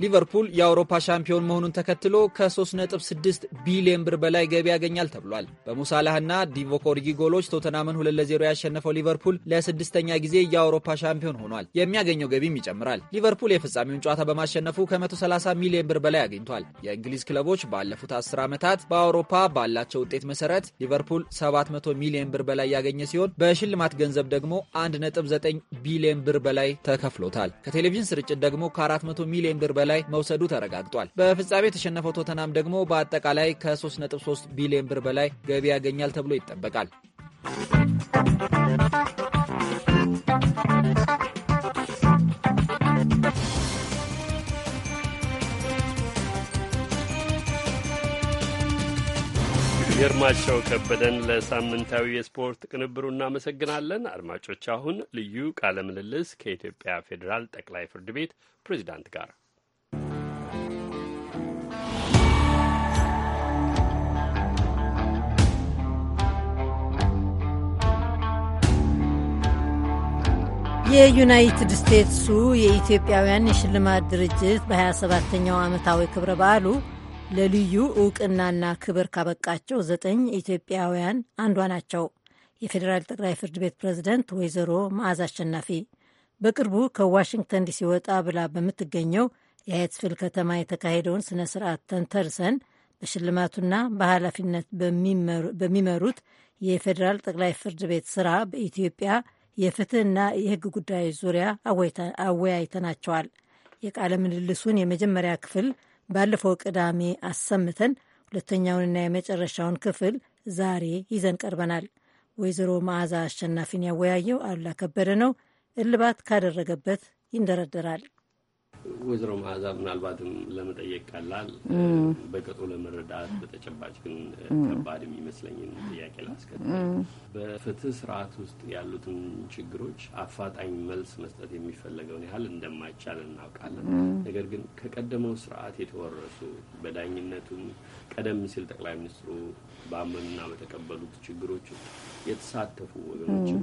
ሊቨርፑል የአውሮፓ ሻምፒዮን መሆኑን ተከትሎ ከ3.6 ቢሊዮን ብር በላይ ገቢ ያገኛል ተብሏል። በሙሳላህና ዲቮክ ጎሎች ቶተናምን 2 ለ0 ያሸነፈው ሊቨርፑል ለስድስተኛ ጊዜ የአውሮፓ ሻምፒዮን ሆኗል። የሚያገኘው ገቢም ይጨምራል። ሊቨርፑል የፍጻሜውን ጨዋታ በማሸነፉ ከ130 ሚሊዮን ብር በላይ አግኝቷል። የእንግሊዝ ክለቦች ባለፉት 10 ዓመታት በአውሮፓ ባላቸው ውጤት መሰረት ሊቨርፑል 700 ሚሊዮን ብር በላይ ያገኘ ሲሆን በሽልማት ገንዘብ ደግሞ 1.9 ቢሊዮን ብር በላይ ተከፍሎታል። ከቴሌቪዥን ስርጭት ደግሞ ከ400 ሚሊዮን ብር በላይ በላይ መውሰዱ ተረጋግጧል። በፍጻሜ የተሸነፈው ቶተናም ደግሞ በአጠቃላይ ከ3.3 ቢሊዮን ብር በላይ ገቢ ያገኛል ተብሎ ይጠበቃል። ግርማቸው ከበደን ለሳምንታዊ የስፖርት ቅንብሩ እናመሰግናለን። አድማጮች፣ አሁን ልዩ ቃለ ምልልስ ከኢትዮጵያ ፌዴራል ጠቅላይ ፍርድ ቤት ፕሬዚዳንት ጋር የዩናይትድ ስቴትሱ የኢትዮጵያውያን የሽልማት ድርጅት በ 27 ተኛው ዓመታዊ ክብረ በዓሉ ለልዩ እውቅናና ክብር ካበቃቸው ዘጠኝ ኢትዮጵያውያን አንዷ ናቸው። የፌዴራል ጠቅላይ ፍርድ ቤት ፕሬዝደንት ወይዘሮ መዓዝ አሸናፊ በቅርቡ ከዋሽንግተን ዲሲ ወጣ ብላ በምትገኘው የሀያትስቪል ከተማ የተካሄደውን ስነ ስርዓት ተንተርሰን በሽልማቱና በኃላፊነት በሚመሩት የፌዴራል ጠቅላይ ፍርድ ቤት ስራ በኢትዮጵያ የፍትህና የህግ ጉዳዮች ዙሪያ አወያይተናቸዋል። የቃለ ምልልሱን የመጀመሪያ ክፍል ባለፈው ቅዳሜ አሰምተን ሁለተኛውንና የመጨረሻውን ክፍል ዛሬ ይዘን ቀርበናል። ወይዘሮ መዓዛ አሸናፊን ያወያየው አሉላ ከበደ ነው። እልባት ካደረገበት ይንደረደራል። ወይዘሮ መዓዛ ምናልባትም ለመጠየቅ ቀላል በቅጡ ለመረዳት በተጨባጭ ግን ከባድ የሚመስለኝን ጥያቄ ላስከትል። በፍትህ ስርዓት ውስጥ ያሉትን ችግሮች አፋጣኝ መልስ መስጠት የሚፈለገውን ያህል እንደማይቻል እናውቃለን። ነገር ግን ከቀደመው ስርዓት የተወረሱ በዳኝነቱም ቀደም ሲል ጠቅላይ ሚኒስትሩ በአመኑና በተቀበሉት ችግሮች ውስጥ የተሳተፉ ወገኖችም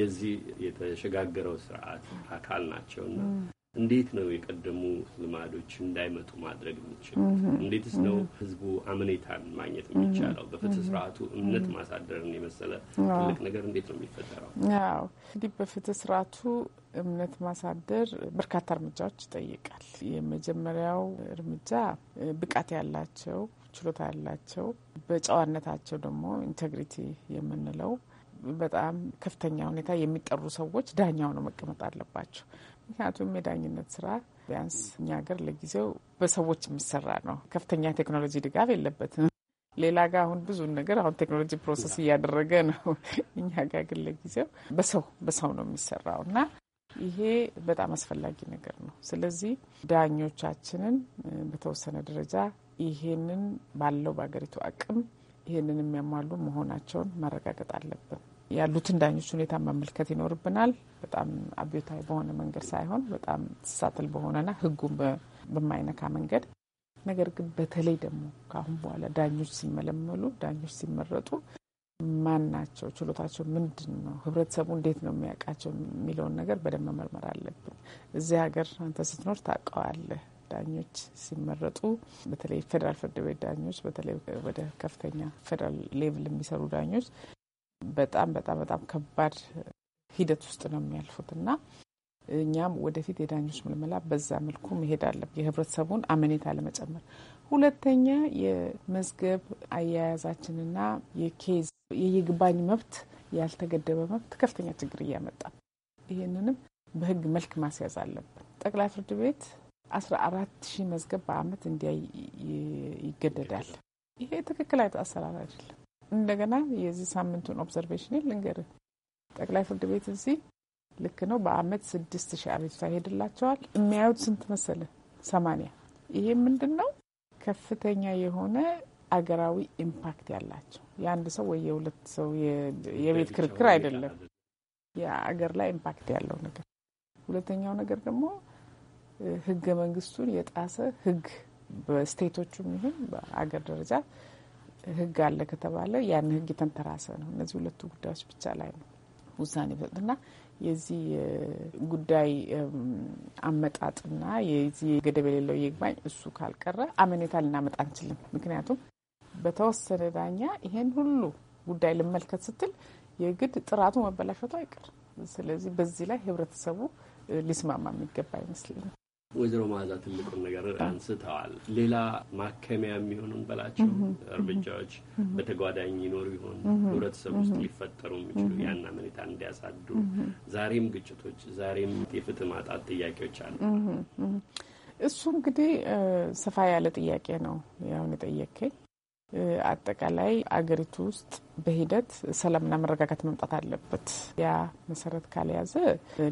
የዚህ የተሸጋገረው ስርዓት አካል ናቸውና እንዴት ነው የቀደሙ ልማዶች እንዳይመጡ ማድረግ የሚችል? እንዴትስ ነው ህዝቡ አመኔታን ማግኘት የሚቻለው? በፍትህ ስርዓቱ እምነት ማሳደርን የመሰለ ትልቅ ነገር እንዴት ነው የሚፈጠረው? እንግዲህ በፍትህ ስርዓቱ እምነት ማሳደር በርካታ እርምጃዎች ይጠይቃል። የመጀመሪያው እርምጃ ብቃት ያላቸው ችሎታ ያላቸው በጨዋነታቸው ደግሞ ኢንቴግሪቲ የምንለው በጣም ከፍተኛ ሁኔታ የሚጠሩ ሰዎች ዳኛ ነው መቀመጥ አለባቸው። ምክንያቱም የዳኝነት ስራ ቢያንስ እኛ ሀገር ለጊዜው በሰዎች የሚሰራ ነው። ከፍተኛ ቴክኖሎጂ ድጋፍ የለበትም። ሌላ ጋር አሁን ብዙን ነገር አሁን ቴክኖሎጂ ፕሮሰስ እያደረገ ነው። እኛ ጋር ግን ለጊዜው በሰው በሰው ነው የሚሰራው እና ይሄ በጣም አስፈላጊ ነገር ነው። ስለዚህ ዳኞቻችንን በተወሰነ ደረጃ ይሄንን ባለው በሀገሪቱ አቅም ይሄንን የሚያሟሉ መሆናቸውን ማረጋገጥ አለብን። ያሉትን ዳኞች ሁኔታ መመልከት ይኖርብናል። በጣም አብዮታዊ በሆነ መንገድ ሳይሆን በጣም ተሳትል በሆነና ህጉን በማይነካ መንገድ ነገር ግን በተለይ ደግሞ ከአሁን በኋላ ዳኞች ሲመለመሉ፣ ዳኞች ሲመረጡ ማን ናቸው፣ ችሎታቸው ምንድን ነው፣ ህብረተሰቡ እንዴት ነው የሚያውቃቸው የሚለውን ነገር በደንብ መመርመር አለብን። እዚህ ሀገር አንተ ስትኖር ታውቀዋለህ። ዳኞች ሲመረጡ በተለይ ፌዴራል ፍርድ ቤት ዳኞች፣ በተለይ ወደ ከፍተኛ ፌዴራል ሌቭል የሚሰሩ ዳኞች በጣም በጣም በጣም ከባድ ሂደት ውስጥ ነው የሚያልፉት እና እኛም ወደፊት የዳኞች ምልመላ በዛ መልኩ መሄድ አለብን። የህብረተሰቡን አመኔታ ለመጨመር ሁለተኛ የመዝገብ አያያዛችንና የኬዝ የይግባኝ መብት ያልተገደበ መብት ከፍተኛ ችግር እያመጣ ይህንንም በህግ መልክ ማስያዝ አለብን። ጠቅላይ ፍርድ ቤት አስራ አራት ሺህ መዝገብ በአመት እንዲያ ይገደዳል። ይሄ ትክክል አሰራር አይደለም። እንደገና የዚህ ሳምንቱን ኦብዘርቬሽን ልንገር። ጠቅላይ ፍርድ ቤት እዚህ ልክ ነው። በአመት ስድስት ሺህ አቤቱታ ይሄድላቸዋል። የሚያዩት ስንት መሰለ? ሰማንያ ይሄ ምንድን ነው? ከፍተኛ የሆነ አገራዊ ኢምፓክት ያላቸው የአንድ ሰው ወይ የሁለት ሰው የቤት ክርክር አይደለም። የአገር ላይ ኢምፓክት ያለው ነገር። ሁለተኛው ነገር ደግሞ ህገ መንግስቱን የጣሰ ህግ በስቴቶቹም ይሁን በአገር ደረጃ ህግ አለ ከተባለ ያን ህግ የተንተራሰ ነው። እነዚህ ሁለቱ ጉዳዮች ብቻ ላይ ነው ውሳኔ በጥና የዚህ ጉዳይ አመጣጥና የዚህ ገደብ የሌለው ይግባኝ እሱ ካልቀረ አመኔታ ልናመጣ አንችልም። ምክንያቱም በተወሰነ ዳኛ ይሄን ሁሉ ጉዳይ ልመልከት ስትል የግድ ጥራቱ መበላሸቱ አይቀርም። ስለዚህ በዚህ ላይ ህብረተሰቡ ሊስማማ የሚገባ ይመስለኛል። ወይዘሮ መዓዛ ትልቁን ነገር አንስተዋል። ሌላ ማከሚያ የሚሆኑ በላቸው እርምጃዎች በተጓዳኝ ይኖሩ ይሆን? ህብረተሰብ ውስጥ ሊፈጠሩ የሚችሉ ያን አመኔታ እንዲያሳዱ ዛሬም ግጭቶች፣ ዛሬም የፍትህ ማጣት ጥያቄዎች አሉ። እሱ እንግዲህ ሰፋ ያለ ጥያቄ ነው ያሁን የጠየከኝ አጠቃላይ አገሪቱ ውስጥ በሂደት ሰላምና መረጋጋት መምጣት አለበት። ያ መሰረት ካልያዘ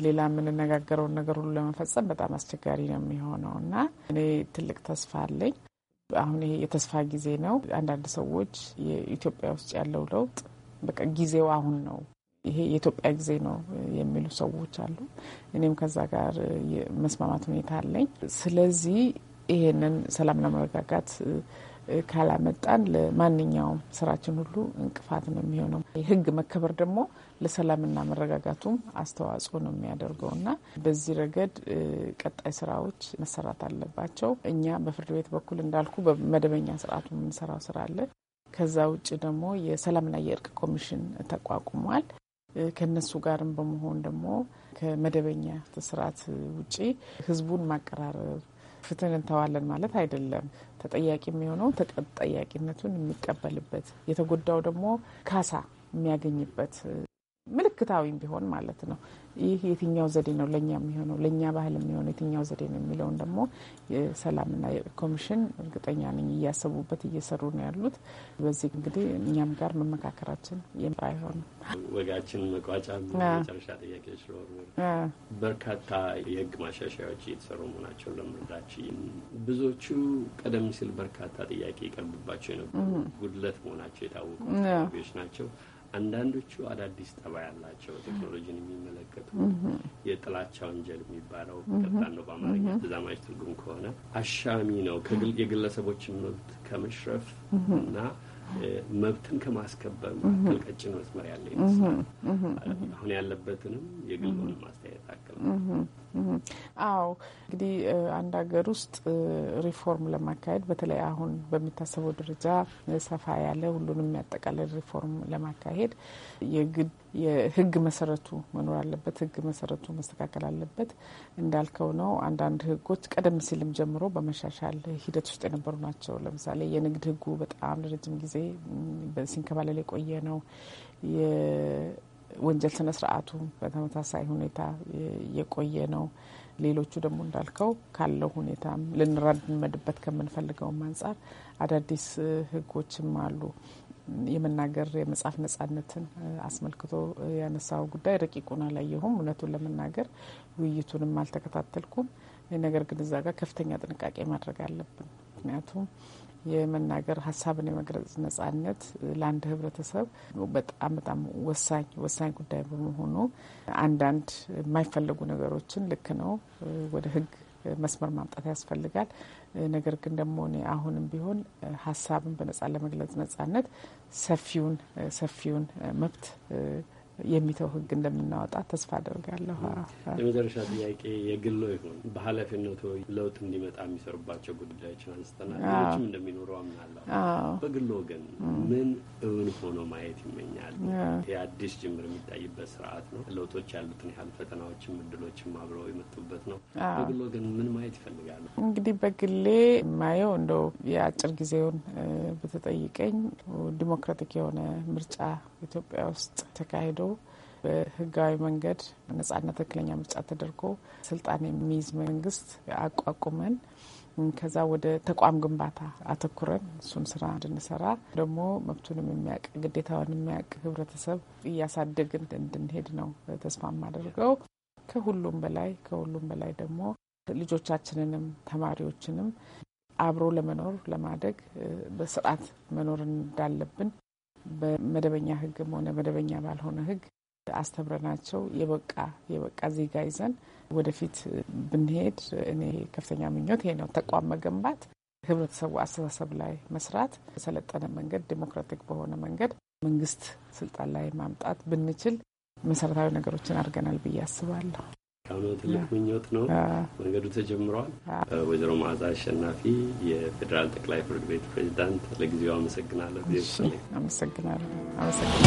ሌላ የምንነጋገረውን ነገር ሁሉ ለመፈጸም በጣም አስቸጋሪ ነው የሚሆነው እና እኔ ትልቅ ተስፋ አለኝ። አሁን ይሄ የተስፋ ጊዜ ነው። አንዳንድ ሰዎች የኢትዮጵያ ውስጥ ያለው ለውጥ በቃ ጊዜው አሁን ነው፣ ይሄ የኢትዮጵያ ጊዜ ነው የሚሉ ሰዎች አሉ። እኔም ከዛ ጋር መስማማት ሁኔታ አለኝ። ስለዚህ ይሄንን ሰላምና መረጋጋት ካላመጣን ለማንኛውም ስራችን ሁሉ እንቅፋት ነው የሚሆነው። የህግ መከበር ደግሞ ለሰላምና መረጋጋቱም አስተዋጽኦ ነው የሚያደርገው እና በዚህ ረገድ ቀጣይ ስራዎች መሰራት አለባቸው። እኛ በፍርድ ቤት በኩል እንዳልኩ በመደበኛ ስርዓቱ የምንሰራው ስራ አለ። ከዛ ውጭ ደግሞ የሰላምና የእርቅ ኮሚሽን ተቋቁሟል። ከነሱ ጋርም በመሆን ደግሞ ከመደበኛ ስርዓት ውጪ ህዝቡን ማቀራረብ ፍትህን እንተዋለን ማለት አይደለም። ተጠያቂ የሚሆነው ተጠያቂነቱን የሚቀበልበት፣ የተጎዳው ደግሞ ካሳ የሚያገኝበት ምልክታዊም ቢሆን ማለት ነው። ይህ የትኛው ዘዴ ነው ለእኛ የሚሆነው ለእኛ ባህል የሚሆነው የትኛው ዘዴ ነው የሚለውን ደግሞ የሰላምና ኮሚሽን እርግጠኛ ነኝ እያሰቡበት እየሰሩ ነው ያሉት። በዚህ እንግዲህ እኛም ጋር መመካከራችን አይሆንም። ወጋችን መቋጫ መጨረሻ ጥያቄ ስለሆኑ በርካታ የህግ ማሻሻያዎች እየተሰሩ መሆናቸው ለምርዳች ብዙዎቹ ቀደም ሲል በርካታ ጥያቄ ይቀርብባቸው የነበሩ ጉድለት መሆናቸው የታወቁ ቤች ናቸው። አንዳንዶቹ አዳዲስ ጠባይ ያላቸው ቴክኖሎጂን የሚመለከቱ የጥላቻ ወንጀል የሚባለው ቀጣ ነው በአማርኛ ተዛማጅ ትርጉም ከሆነ አሻሚ ነው። የግለሰቦችን መብት ከመሽረፍ እና መብትን ከማስከበር መካከል ቀጭን መስመር ያለ ይመስላል። አሁን ያለበትንም የግል ማስተያየት አቅም አዎ እንግዲህ አንድ ሀገር ውስጥ ሪፎርም ለማካሄድ በተለይ አሁን በሚታሰበው ደረጃ ሰፋ ያለ ሁሉንም የሚያጠቃልል ሪፎርም ለማካሄድ የግድ የህግ መሰረቱ መኖር አለበት። ህግ መሰረቱ መስተካከል አለበት። እንዳልከው ነው። አንዳንድ ህጎች ቀደም ሲልም ጀምሮ በመሻሻል ሂደት ውስጥ የነበሩ ናቸው። ለምሳሌ የንግድ ህጉ በጣም ለረጅም ጊዜ ሲንከባለል የቆየ ነው። ወንጀል ስነ ስርዓቱ በተመሳሳይ ሁኔታ የቆየ ነው። ሌሎቹ ደግሞ እንዳልከው ካለው ሁኔታም ልንራመድበት ከምንፈልገውም አንጻር አዳዲስ ህጎችም አሉ። የመናገር የመጻፍ ነጻነትን አስመልክቶ ያነሳው ጉዳይ ረቂቁን አላየሁም። እውነቱን ለመናገር ውይይቱንም አልተከታተልኩም። ነገር ግን እዛ ጋር ከፍተኛ ጥንቃቄ ማድረግ አለብን። ምክንያቱም የመናገር ሀሳብን የመግለጽ ነጻነት ለአንድ ህብረተሰብ በጣም በጣም ወሳኝ ወሳኝ ጉዳይ በመሆኑ አንዳንድ የማይፈለጉ ነገሮችን ልክ ነው ወደ ህግ መስመር ማምጣት ያስፈልጋል። ነገር ግን ደግሞ እኔ አሁንም ቢሆን ሀሳብን በነጻ ለመግለጽ ነጻነት ሰፊውን ሰፊውን መብት የሚተው ህግ እንደምናወጣ ተስፋ አደርጋለሁ። የመጨረሻ ጥያቄ የግሎ ይሆን በኃላፊነቱ ለውጥ እንዲመጣ የሚሰሩባቸው ጉዳዮችን አንስተናል። ሌሎችም እንደሚኖሩ አምናለሁ። በግሎ ግን ምን እውን ሆኖ ማየት ይመኛል? የአዲስ ጅምር የሚታይበት ስርዓት ነው። ለውጦች ያሉትን ያህል ፈተናዎችም እድሎችም አብረው የመጡበት ነው። በግሎ ግን ምን ማየት ይፈልጋሉ? እንግዲህ በግሌ የማየው እንደው የአጭር ጊዜውን በተጠይቀኝ ዲሞክራቲክ የሆነ ምርጫ ኢትዮጵያ ውስጥ ተካሂዶ በህጋዊ መንገድ ነጻና ትክክለኛ ምርጫ ተደርጎ ስልጣን የሚይዝ መንግስት አቋቁመን ከዛ ወደ ተቋም ግንባታ አተኩረን እሱን ስራ እንድንሰራ ደግሞ መብቱንም የሚያውቅ ግዴታውን የሚያውቅ ህብረተሰብ እያሳደግን እንድንሄድ ነው ተስፋ የማደርገው። ከሁሉም በላይ ከሁሉም በላይ ደግሞ ልጆቻችንንም ተማሪዎችንም አብሮ ለመኖር ለማደግ በስርዓት መኖር እንዳለብን በመደበኛ ህግም ሆነ መደበኛ ባልሆነ ህግ አስተምረናቸው የበቃ የበቃ ዜጋ ይዘን ወደፊት ብንሄድ እኔ ከፍተኛ ምኞት ይሄ ነው። ተቋም መገንባት፣ ህብረተሰቡ አስተሳሰብ ላይ መስራት፣ በሰለጠነ መንገድ ዴሞክራቲክ በሆነ መንገድ መንግስት ስልጣን ላይ ማምጣት ብንችል መሰረታዊ ነገሮችን አድርገናል ብዬ አስባለሁ። ካሁኑ ትልቅ ምኞት ነው። መንገዱ ተጀምሯል። ወይዘሮ መዓዛ አሸናፊ የፌዴራል ጠቅላይ ፍርድ ቤት ፕሬዚዳንት፣ ለጊዜው አመሰግናለሁ። አመሰግናለሁ። አመሰግናለሁ።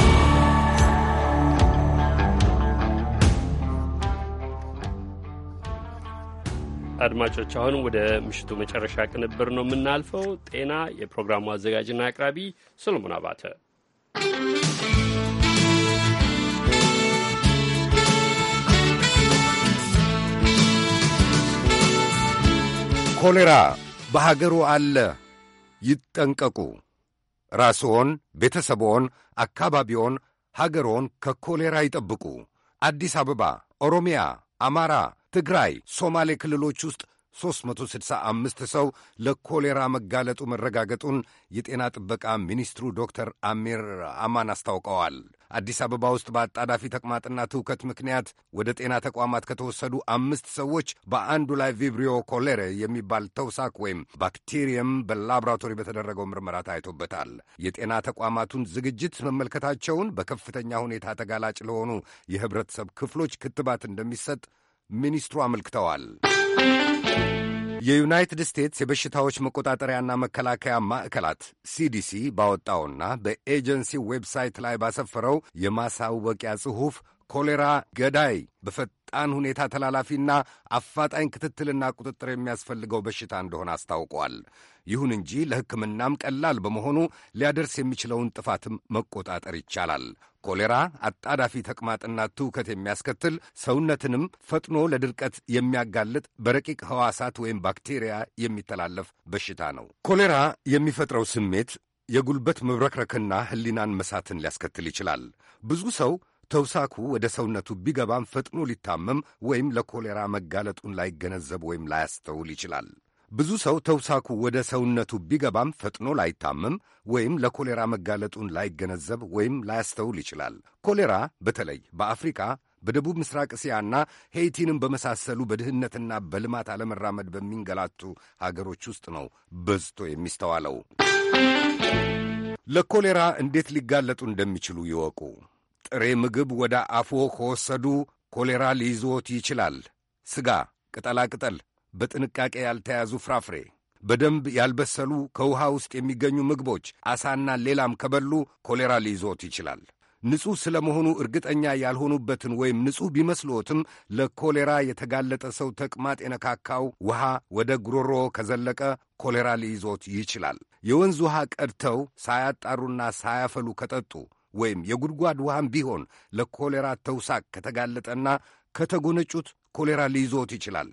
አድማጮች አሁን ወደ ምሽቱ መጨረሻ ቅንብር ነው የምናልፈው። ጤና የፕሮግራሙ አዘጋጅና አቅራቢ ሰሎሞን አባተ። ኮሌራ በሀገሩ አለ፣ ይጠንቀቁ። ራስዎን፣ ቤተሰብዎን፣ አካባቢዎን፣ ሀገሮን ከኮሌራ ይጠብቁ። አዲስ አበባ፣ ኦሮሚያ፣ አማራ ትግራይ፣ ሶማሌ ክልሎች ውስጥ 365 ሰው ለኮሌራ መጋለጡ መረጋገጡን የጤና ጥበቃ ሚኒስትሩ ዶክተር አሚር አማን አስታውቀዋል። አዲስ አበባ ውስጥ በአጣዳፊ ተቅማጥና ትውከት ምክንያት ወደ ጤና ተቋማት ከተወሰዱ አምስት ሰዎች በአንዱ ላይ ቪብሪዮ ኮሌሬ የሚባል ተውሳክ ወይም ባክቴሪየም በላብራቶሪ በተደረገው ምርመራ ታይቶበታል። የጤና ተቋማቱን ዝግጅት መመልከታቸውን፣ በከፍተኛ ሁኔታ ተጋላጭ ለሆኑ የህብረተሰብ ክፍሎች ክትባት እንደሚሰጥ ሚኒስትሩ አመልክተዋል። የዩናይትድ ስቴትስ የበሽታዎች መቆጣጠሪያና መከላከያ ማዕከላት ሲዲሲ ባወጣውና በኤጀንሲ ዌብሳይት ላይ ባሰፈረው የማሳወቂያ ጽሑፍ ኮሌራ ገዳይ በፈጣን ሁኔታ ተላላፊና አፋጣኝ ክትትልና ቁጥጥር የሚያስፈልገው በሽታ እንደሆነ አስታውቋል። ይሁን እንጂ ለሕክምናም ቀላል በመሆኑ ሊያደርስ የሚችለውን ጥፋትም መቆጣጠር ይቻላል። ኮሌራ አጣዳፊ ተቅማጥና ትውከት የሚያስከትል ሰውነትንም ፈጥኖ ለድርቀት የሚያጋልጥ በረቂቅ ሕዋሳት ወይም ባክቴሪያ የሚተላለፍ በሽታ ነው። ኮሌራ የሚፈጥረው ስሜት የጉልበት መብረክረክና ሕሊናን መሳትን ሊያስከትል ይችላል። ብዙ ሰው ተውሳኩ ወደ ሰውነቱ ቢገባም ፈጥኖ ሊታመም ወይም ለኮሌራ መጋለጡን ላይገነዘብ ወይም ላያስተውል ይችላል። ብዙ ሰው ተውሳኩ ወደ ሰውነቱ ቢገባም ፈጥኖ ላይታመም ወይም ለኮሌራ መጋለጡን ላይገነዘብ ወይም ላያስተውል ይችላል። ኮሌራ በተለይ በአፍሪካ በደቡብ ምስራቅ እስያና ሄይቲንም በመሳሰሉ በድህነትና በልማት አለመራመድ በሚንገላቱ ሀገሮች ውስጥ ነው በዝቶ የሚስተዋለው። ለኮሌራ እንዴት ሊጋለጡ እንደሚችሉ ይወቁ። ጥሬ ምግብ ወደ አፎ ከወሰዱ ኮሌራ ሊይዞት ይችላል። ሥጋ፣ ቅጠላቅጠል፣ በጥንቃቄ ያልተያዙ ፍራፍሬ፣ በደንብ ያልበሰሉ ከውሃ ውስጥ የሚገኙ ምግቦች፣ አሳና ሌላም ከበሉ ኮሌራ ሊይዞት ይችላል። ንጹሕ ስለ መሆኑ እርግጠኛ ያልሆኑበትን ወይም ንጹሕ ቢመስልዎትም ለኮሌራ የተጋለጠ ሰው ተቅማጥ የነካካው ውሃ ወደ ጉሮሮ ከዘለቀ ኮሌራ ሊይዞት ይችላል። የወንዝ ውሃ ቀድተው ሳያጣሩና ሳያፈሉ ከጠጡ ወይም የጉድጓድ ውሃም ቢሆን ለኮሌራ ተውሳክ ከተጋለጠና ከተጎነጩት ኮሌራ ሊይዞት ይችላል።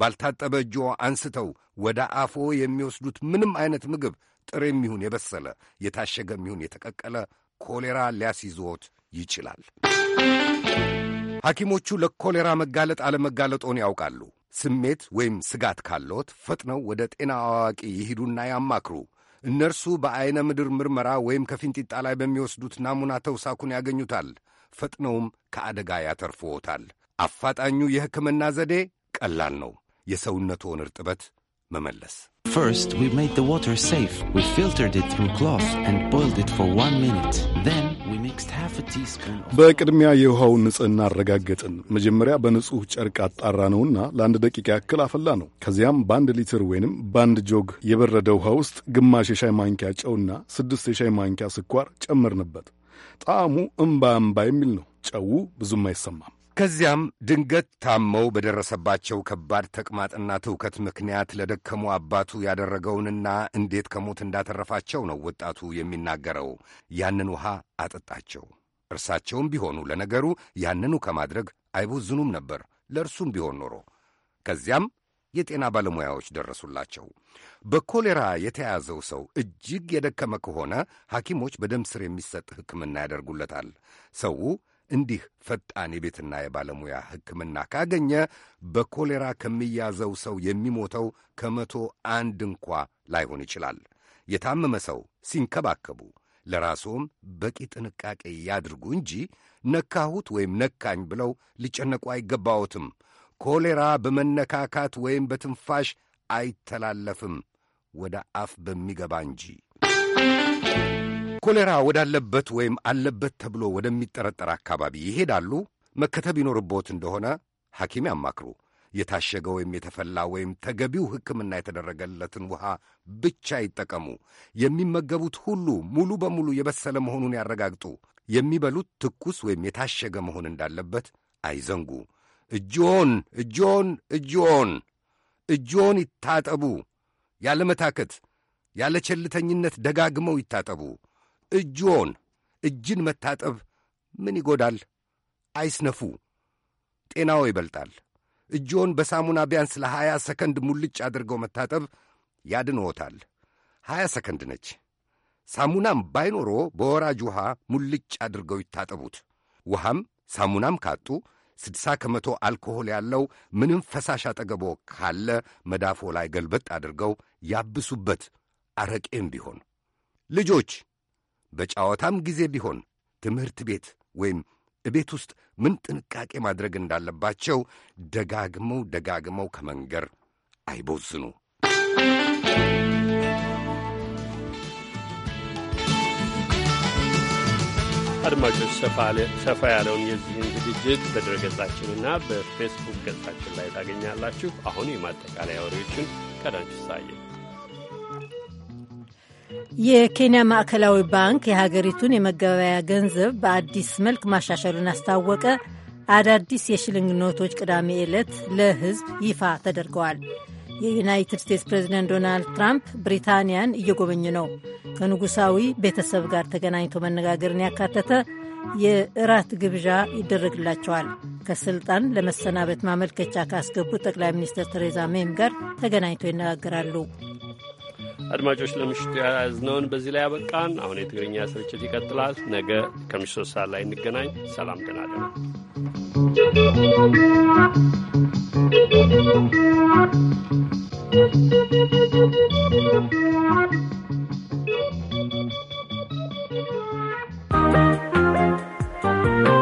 ባልታጠበ እጅዎ አንስተው ወደ አፎ የሚወስዱት ምንም አይነት ምግብ ጥሬ ይሁን የበሰለ የታሸገ ይሁን የተቀቀለ ኮሌራ ሊያስይዞት ይችላል። ሐኪሞቹ ለኮሌራ መጋለጥ አለመጋለጦን ያውቃሉ። ስሜት ወይም ስጋት ካለዎት ፈጥነው ወደ ጤና አዋቂ ይሂዱና ያማክሩ። እነርሱ በዐይነ ምድር ምርመራ ወይም ከፊንጢጣ ላይ በሚወስዱት ናሙና ተውሳኩን ያገኙታል። ፈጥነውም ከአደጋ ያተርፍዎታል። አፋጣኙ የሕክምና ዘዴ ቀላል ነው። የሰውነትዎን እርጥበት መመለስ First, we made the water safe. We filtered it through cloth and boiled it for one minute. Then we mixed half a teaspoon of... በቅድሚያ የውሃውን ንጽህና አረጋገጥን። መጀመሪያ በንጹሕ ጨርቅ አጣራ ነውና ለአንድ ደቂቃ ያክል አፈላ ነው። ከዚያም በአንድ ሊትር ወይንም በአንድ ጆግ የበረደ ውሃ ውስጥ ግማሽ የሻይ ማንኪያ ጨውና ስድስት የሻይ ማንኪያ ስኳር ጨመርንበት። ጣዕሙ እምባ እምባ የሚል ነው። ጨው ብዙም አይሰማም። ከዚያም ድንገት ታመው በደረሰባቸው ከባድ ተቅማጥና ትውከት ምክንያት ለደከሙ አባቱ ያደረገውንና እንዴት ከሞት እንዳተረፋቸው ነው ወጣቱ የሚናገረው። ያንን ውሃ አጠጣቸው። እርሳቸውም ቢሆኑ ለነገሩ ያንኑ ከማድረግ አይቦዝኑም ነበር፣ ለእርሱም ቢሆን ኖሮ። ከዚያም የጤና ባለሙያዎች ደረሱላቸው። በኮሌራ የተያዘው ሰው እጅግ የደከመ ከሆነ ሐኪሞች በደም ስር የሚሰጥ ሕክምና ያደርጉለታል። ሰው እንዲህ ፈጣን የቤትና የባለሙያ ሕክምና ካገኘ በኮሌራ ከሚያዘው ሰው የሚሞተው ከመቶ አንድ እንኳ ላይሆን ይችላል። የታመመ ሰው ሲንከባከቡ ለራስዎም በቂ ጥንቃቄ ያድርጉ እንጂ ነካሁት ወይም ነካኝ ብለው ሊጨነቁ አይገባዎትም። ኮሌራ በመነካካት ወይም በትንፋሽ አይተላለፍም፣ ወደ አፍ በሚገባ እንጂ ኮሌራ ወዳለበት ወይም አለበት ተብሎ ወደሚጠረጠር አካባቢ ይሄዳሉ። መከተብ ይኖርቦት እንደሆነ ሐኪም ያማክሩ። የታሸገ ወይም የተፈላ ወይም ተገቢው ሕክምና የተደረገለትን ውሃ ብቻ ይጠቀሙ። የሚመገቡት ሁሉ ሙሉ በሙሉ የበሰለ መሆኑን ያረጋግጡ። የሚበሉት ትኩስ ወይም የታሸገ መሆን እንዳለበት አይዘንጉ። እጅዎን እጅዎን እጅዎን እጅዎን ይታጠቡ። ያለ መታከት ያለ ቸልተኝነት ደጋግመው ይታጠቡ። እጅዎን እጅን መታጠብ ምን ይጎዳል? አይስነፉ፣ ጤናው ይበልጣል። እጅዎን በሳሙና ቢያንስ ለሀያ ሰከንድ ሙልጭ አድርገው መታጠብ ያድንዎታል። ሀያ ሰከንድ ነች። ሳሙናም ባይኖሮ በወራጅ ውሃ ሙልጭ አድርገው ይታጠቡት። ውሃም ሳሙናም ካጡ ስድሳ ከመቶ አልኮሆል ያለው ምንም ፈሳሽ አጠገቦ ካለ መዳፎ ላይ ገልበጥ አድርገው ያብሱበት፣ አረቄም ቢሆን ልጆች በጨዋታም ጊዜ ቢሆን ትምህርት ቤት ወይም እቤት ውስጥ ምን ጥንቃቄ ማድረግ እንዳለባቸው ደጋግመው ደጋግመው ከመንገር አይቦዝኑ። አድማጮች ሰፋ ያለውን የዚህን ዝግጅት በድረገጻችንና በፌስቡክ ገጻችን ላይ ታገኛላችሁ። አሁን የማጠቃለያ ወሬዎችን ቀዳንች ሳየ የኬንያ ማዕከላዊ ባንክ የሀገሪቱን የመገበያያ ገንዘብ በአዲስ መልክ ማሻሻሉን አስታወቀ። አዳዲስ የሽልንግ ኖቶች ቅዳሜ ዕለት ለሕዝብ ይፋ ተደርገዋል። የዩናይትድ ስቴትስ ፕሬዚደንት ዶናልድ ትራምፕ ብሪታንያን እየጎበኙ ነው። ከንጉሳዊ ቤተሰብ ጋር ተገናኝቶ መነጋገርን ያካተተ የእራት ግብዣ ይደረግላቸዋል። ከስልጣን ለመሰናበት ማመልከቻ ካስገቡት ጠቅላይ ሚኒስትር ቴሬዛ ሜም ጋር ተገናኝቶ ይነጋገራሉ። አድማጮች ለምሽቱ የያዝነውን በዚህ ላይ ያበቃን። አሁን የትግርኛ ስርጭት ይቀጥላል። ነገ ከምሽቱ ሶስት ሰዓት ላይ እንገናኝ። ሰላም ደናለን